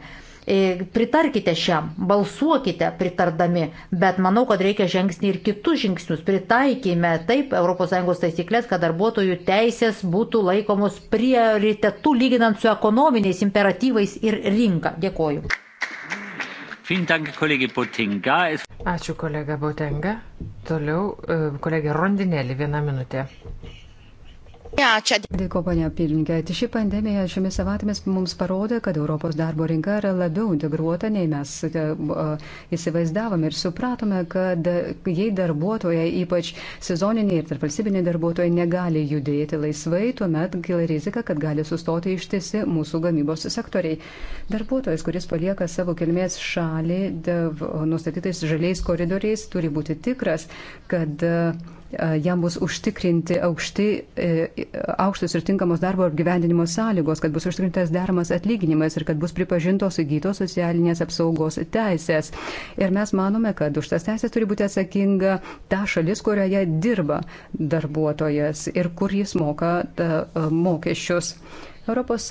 E, pritarkite šiam, balsuokite pritardami, bet manau, kad reikia žengsti ir kitus žingsnius. Pritaikime taip ES taisyklės, kad darbuotojų teisės būtų laikomos prioritetu lyginant su ekonominiais imperatyvais ir rinka. Dėkoju. Ačiū kolega Botenga. Toliau e, kolegė Rondinėlį vieną minutę. Dėkuoju, ponia pirmininkė. Tai ši pandemija šiomis savaitėmis mums parodė, kad Europos darbo rinka yra labiau integruota, nei mes e, e, įsivaizdavome ir supratome, kad jei darbuotojai, ypač sezoniniai ir tarpvalstybiniai darbuotojai, negali judėti laisvai, tuomet kila rizika, kad gali sustoti ištisi mūsų gamybos sektoriai. Darbuotojas, kuris palieka savo kilmės šalį nustatytais žaliais koridoriais, turi būti tikras, kad uh, E, jam bus užtikrinti aukšti, e, aukštus ir tinkamos darbo apgyvendinimo sąlygos, kad bus užtikrintas deramas atlyginimas ir kad bus pripažintos įgytos socialinės apsaugos teisės. Ir mes manome, kad už tas teisės turi būti atsakinga ta šalis, kurioje dirba darbuotojas ir kur jis moka e, mokesčius. ES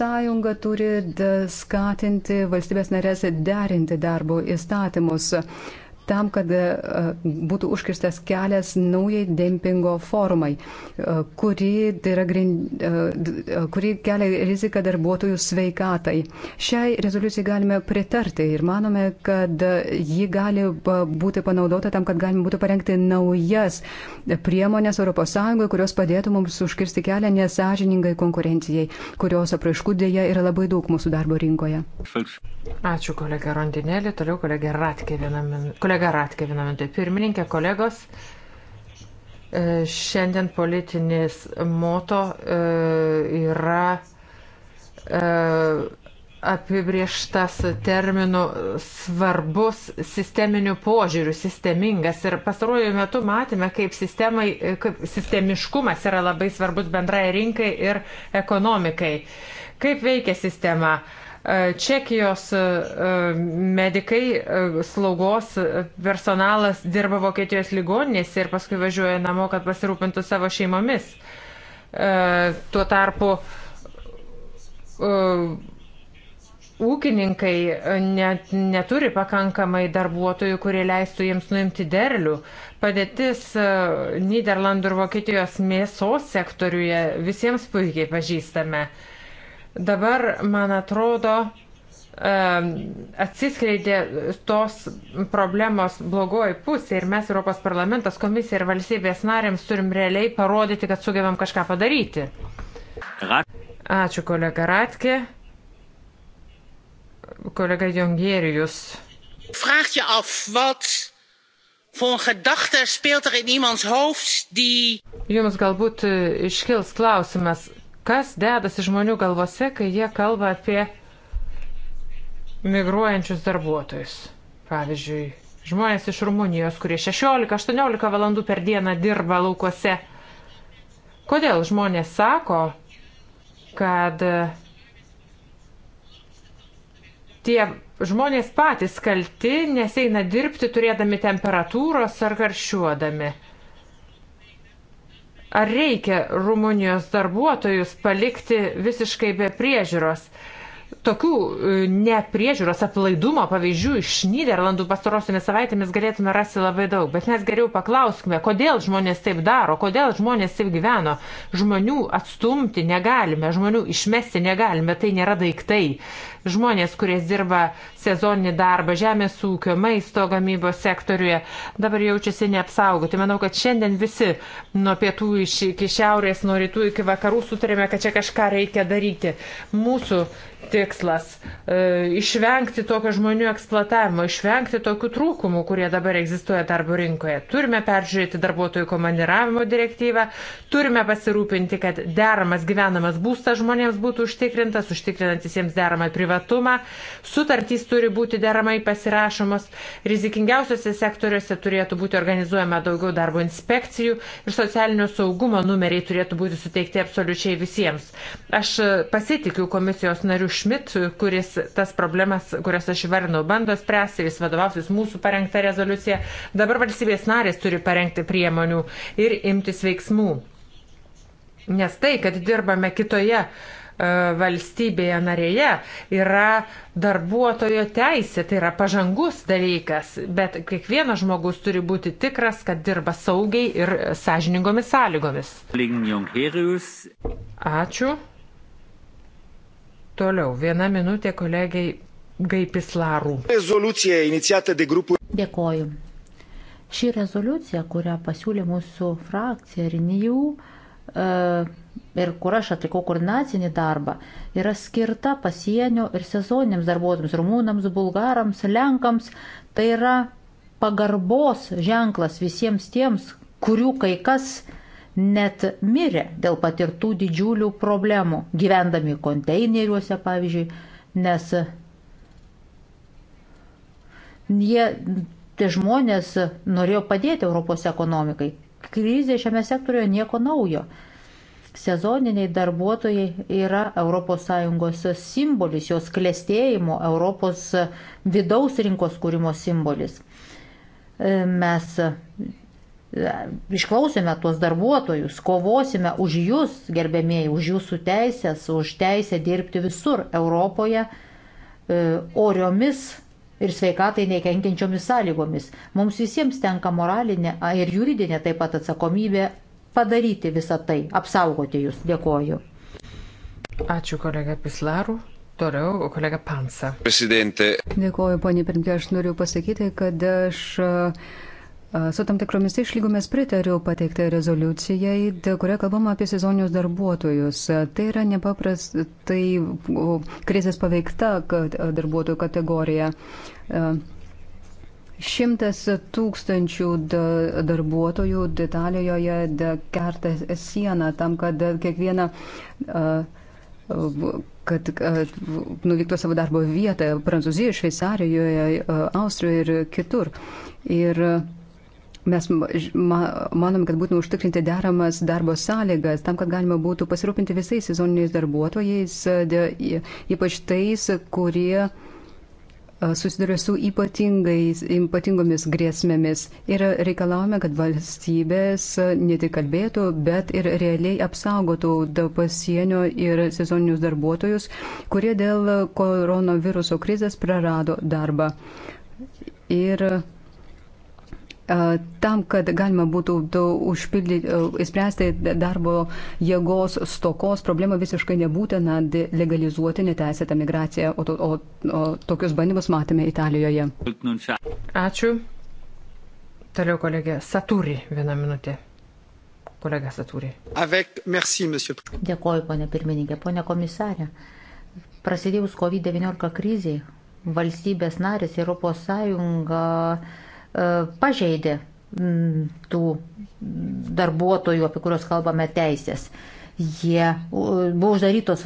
turi skatinti valstybės narės derinti darbo įstatymus tam, kad e, būtų užkirstas kelias naujai dempingo formai, e, kuri, tai yra, e, kuri kelia riziką darbuotojų sveikatai. Šiai rezoliucijai galime pritarti ir manome, kad ji gali būti panaudota tam, kad galime būtų parengti naujas priemonės ES, kurios padėtų mums užkirsti kelią nesažiningai konkurencijai, kurios apraiškų dėja yra labai daug mūsų darbo rinkoje. Ačiū, kolega Rondinėlė, toliau kolega Ratkė vieną minutę. Kolega Ratkė, vieną minutę. Pirmininkė, kolegos, e, šiandien politinis moto e, yra e, apibrieštas terminų svarbus sisteminių požiūrių, sistemingas. Ir pastaruoju metu matėme, kaip, sistemai, kaip sistemiškumas yra labai svarbus bendrai rinkai ir ekonomikai. Kaip veikia sistema? Uh, E, Čekijos e, e, medikai, slaugos personalas dirba Vokietijos ligoninėse ir paskui važiuoja namo, kad pasirūpintų savo šeimomis. Tuo tarpu ūkininkai net, neturi pakankamai darbuotojų, kurie leistų jiems nuimti derlių. Padėtis Niderlandų ir Vokietijos mėsos sektoriuje visiems puikiai pažįstame. Uh, Dabar, man atrodo, atsiskleidė tos problemos blogoji pusė ir mes Europos parlamentas, komisija ir valstybės narėms turim realiai parodyti, kad sugebam kažką padaryti. Ačiū kolega Ratke. Kolega Jongerijus. Vraag je af wat voor gedachten speelt er in iemands hoofd die. Jums galbūt e, iškils klausimas, Kas dedasi žmonių galvose, kai jie kalba apie migruojančius darbuotojus? Pavyzdžiui, žmonės iš Rumunijos, kurie 16-18 valandų per dieną dirba laukuose. Kodėl žmonės sako, kad e, tie žmonės patys kalti, nes eina dirbti turėdami temperatūros ar karšiuodami? Ar reikia Rumunijos darbuotojus palikti visiškai be priežiūros? Tokių e, nepriežiūros aplaidumo pavyzdžių iš Niderlandų pastarosiomis savaitėmis galėtume rasti labai daug, bet mes geriau paklauskime, kodėl žmonės taip daro, kodėl žmonės taip gyveno. Žmonių atstumti negalime, žmonių išmesti negalime, tai nėra daiktai žmonės, kurie dirba sezoninį darbą žemės ūkio, maisto gamybos sektoriuje, dabar jaučiasi neapsaugoti. Manau, kad šiandien visi nuo pietų iki šiaurės, nuo rytų iki vakarų sutarėme, kad čia kažką reikia daryti. Mūsų tikslas e, - išvengti tokio žmonių eksploatavimo, išvengti tokių trūkumų, kurie dabar egzistuoja darbo rinkoje. Turime peržiūrėti darbuotojų komandiravimo direktyvą, turime pasirūpinti, kad deramas gyvenamas būstas žmonėms būtų užtikrintas, užtikrinantis jiems deramą privatumą privatumą, sutartys turi būti deramai pasirašomos, rizikingiausiose sektoriuose turėtų būti organizuojama daugiau darbo inspekcijų ir socialinio saugumo numeriai turėtų būti suteikti absoliučiai visiems. Aš pasitikiu komisijos nariu Šmit, kuris tas problemas, kurias aš įvardinau, bando spręsti, jis vadovausis mūsų parengta rezoliucija. Dabar valstybės narės turi parengti priemonių ir imtis veiksmų. Nes tai, kad dirbame kitoje uh, E, valstybėje narėje yra darbuotojo teisė, tai yra pažangus dalykas, bet kiekvienas žmogus turi būti tikras, kad dirba saugiai ir sąžiningomis sąlygomis. Ačiū. Toliau, viena minutė kolegiai Gaipislarų. Rezoliucija inicijuota de grupų. Dėkoju. Ši rezoliucija, kurią pasiūlė mūsų frakcija Rinijų, uh, E, ir kur aš atlikau koordinacinį darbą, yra skirta pasienio ir sezoniniams darbuotojams - rumūnams, bulgarams, lenkams. Tai yra pagarbos ženklas visiems tiems, kurių kai kas net mirė dėl patirtų didžiulių problemų, gyvendami konteineriuose, pavyzdžiui, nes jie, tie žmonės norėjo padėti Europos ekonomikai krizė šiame sektoriuje nieko naujo. Sezoniniai darbuotojai yra ES simbolis, jos klėstėjimo, Europos vidaus rinkos kūrimo simbolis. E, mes e, išklausėme tuos darbuotojus, kovosime už jūs, gerbėmieji, už jūsų teisės, už teisę dirbti visur Europoje e, oriomis ir sveikatai nekenkiančiomis sąlygomis. Mums visiems tenka moralinė ir juridinė taip pat atsakomybė padaryti visą tai, apsaugoti jūs. Dėkoju. Ačiū kolega Pislaru. Toliau kolega Pansa. Presidente. Dėkoju, ponė Pirmke, aš noriu pasakyti, kad aš. Uh, Su tam tikromis išlygomis pritariu pateiktai rezoliucijai, kurioje kalbama apie sezoninius darbuotojus. Tai yra nepaprastai krizės paveikta darbuotojų kategorija. Šimtas tūkstančių darbuotojų Italijoje kerta sieną tam, kad kiekvieną kad nuvyktų savo darbo vietą Prancūzijoje, Šveicarijoje, Austrijoje ir kitur. Ir Mes manom, kad būtina užtikrinti deramas darbo sąlygas tam, kad galima būtų pasirūpinti visais sezoniniais darbuotojais, ypač tais, kurie susiduria su ypatingomis grėsmėmis ir reikalavome, kad valstybės ne tik kalbėtų, bet ir realiai apsaugotų pasienio ir sezoninius darbuotojus, kurie dėl koronaviruso krizės prarado darbą. Ir tam, kad galima būtų užpildyti, įspręsti darbo jėgos stokos problemą, visiškai nebūtina legalizuoti neteisėtą migraciją, o, o, o tokius bandymus matėme Italijoje. Ačiū. Toliau kolegė Saturi, vieną minutę. Kolega Saturi. Avec, merci, monsieur. Dėkoju, ponė pirmininkė, ponė komisarė. Prasidėjus COVID-19 kriziai, valstybės narės Europos Sąjunga E, pažeidė tų darbuotojų, apie kuriuos kalbame, teisės. Jie buvo uždarytos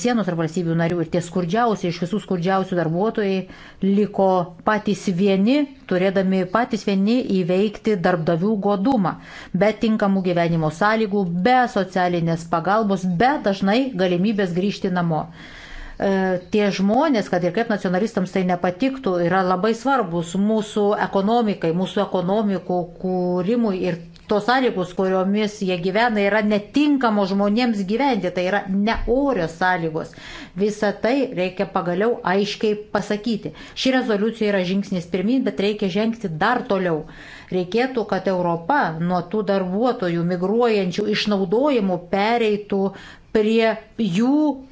sienos ar valstybių narių ir tie skurdžiausi, iš visų skurdžiausių darbuotojai liko patys vieni, turėdami patys vieni įveikti darbdavių godumą, be tinkamų gyvenimo sąlygų, be socialinės pagalbos, be dažnai galimybės grįžti namo. E, tie žmonės, kad ir kaip nacionalistams tai nepatiktų, yra labai svarbus mūsų ekonomikai, mūsų ekonomikų kūrimui ir tos sąlygos, kuriomis jie gyvena, yra netinkamos žmonėms gyventi, tai yra neorios sąlygos. Visą tai reikia pagaliau aiškiai pasakyti. Ši rezoliucija yra žingsnis pirmin, bet reikia žengti dar toliau. Reikėtų, kad Europa nuo tų darbuotojų migruojančių išnaudojimų pereitų prie jų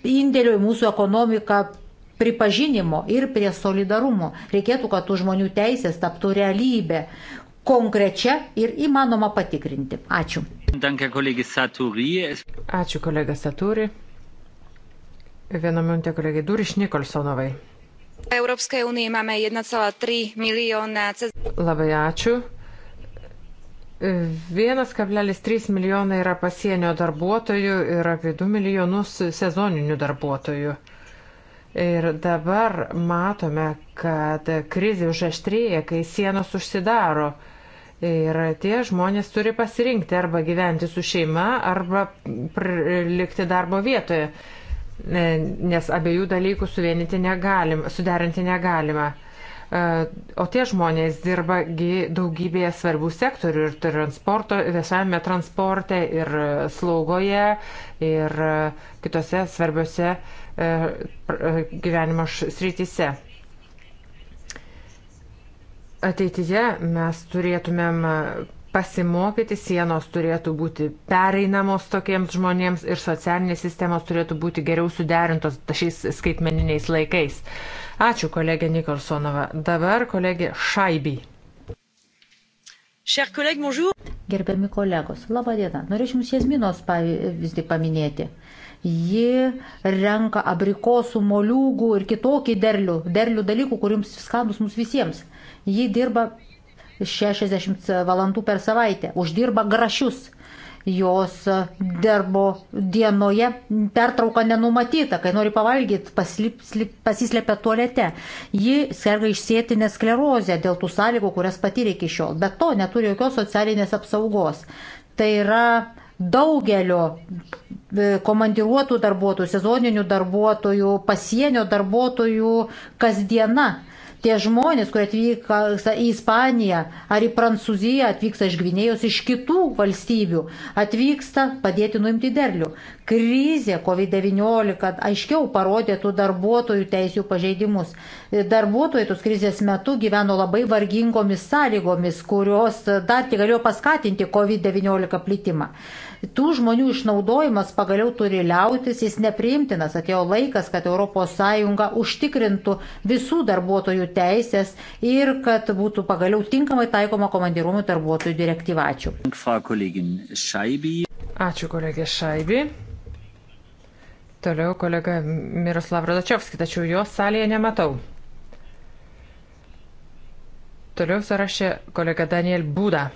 indėlio į mūsų ekonomiką pripažinimo ir prie solidarumo. Reikėtų, kad tų žmonių teisės taptų realybė konkrečia ir įmanoma patikrinti. Ačiū. Ačiū kolega Saturi. Vieną minutę kolegai Duriš Nikolsonovai. Labai ačiū. 1,3 milijonai yra pasienio darbuotojų ir apie 2 milijonus sezoninių darbuotojų. Ir dabar matome, kad krizė užaštrėja, kai sienos užsidaro. Ir tie žmonės turi pasirinkti arba gyventi su šeima, arba likti darbo vietoje, nes abiejų dalykų suvienyti negalim, suderinti negalima. E, o tie žmonės dirba daugybėje svarbių sektorių ir transporto, viešajame transporte, ir slaugoje, ir kitose svarbiose e, e, gyvenimo srityse ateityje mes turėtumėm pasimokyti, sienos turėtų būti pereinamos tokiems žmonėms ir socialinės sistemos turėtų būti geriau suderintos šiais skaitmeniniais laikais. Ačiū kolegė Nikolsonova. Dabar kolegė Šaiby. Gerbiami kolegos, laba diena. Norėčiau Jums Jasminos pavyzdį paminėti. Ji renka abrikosų, moliūgų ir kitokį derlių, derlių dalykų, kuriems skandus mums visiems. Ji dirba 60 valandų per savaitę, uždirba grašius. Jos darbo dienoje pertrauka nenumatyta, kai nori pavalgyti, pasislepia tualete. Ji serga išsėtinę sklerozę dėl tų sąlygų, kurias patyrė iki šiol. Bet to neturi jokios socialinės apsaugos. Tai yra daugelio e, komandiruotų darbuotojų, sezoninių darbuotojų, pasienio darbuotojų kasdiena Tie žmonės, kurie atvyksta į Ispaniją ar į Prancūziją, atvyksta iš Gvinėjos, iš kitų valstybių, atvyksta padėti nuimti derlių. Krizė COVID-19 aiškiau parodė tų darbuotojų teisų pažeidimus. Darbuotojai tos krizės metu gyveno labai vargingomis sąlygomis, kurios dar tik galėjo paskatinti COVID-19 plitimą tų žmonių išnaudojimas pagaliau turi liautis, jis nepriimtinas, atėjo laikas, kad ES užtikrintų visų darbuotojų teisės ir kad būtų pagaliau tinkamai taikoma komandirumų darbuotojų direktyva. Ačiū. Ačiū kolegė Šaibi. Toliau kolega Miroslav Radačiovski, tačiau jo salėje nematau. Toliau sąraše kolega Daniel Būda.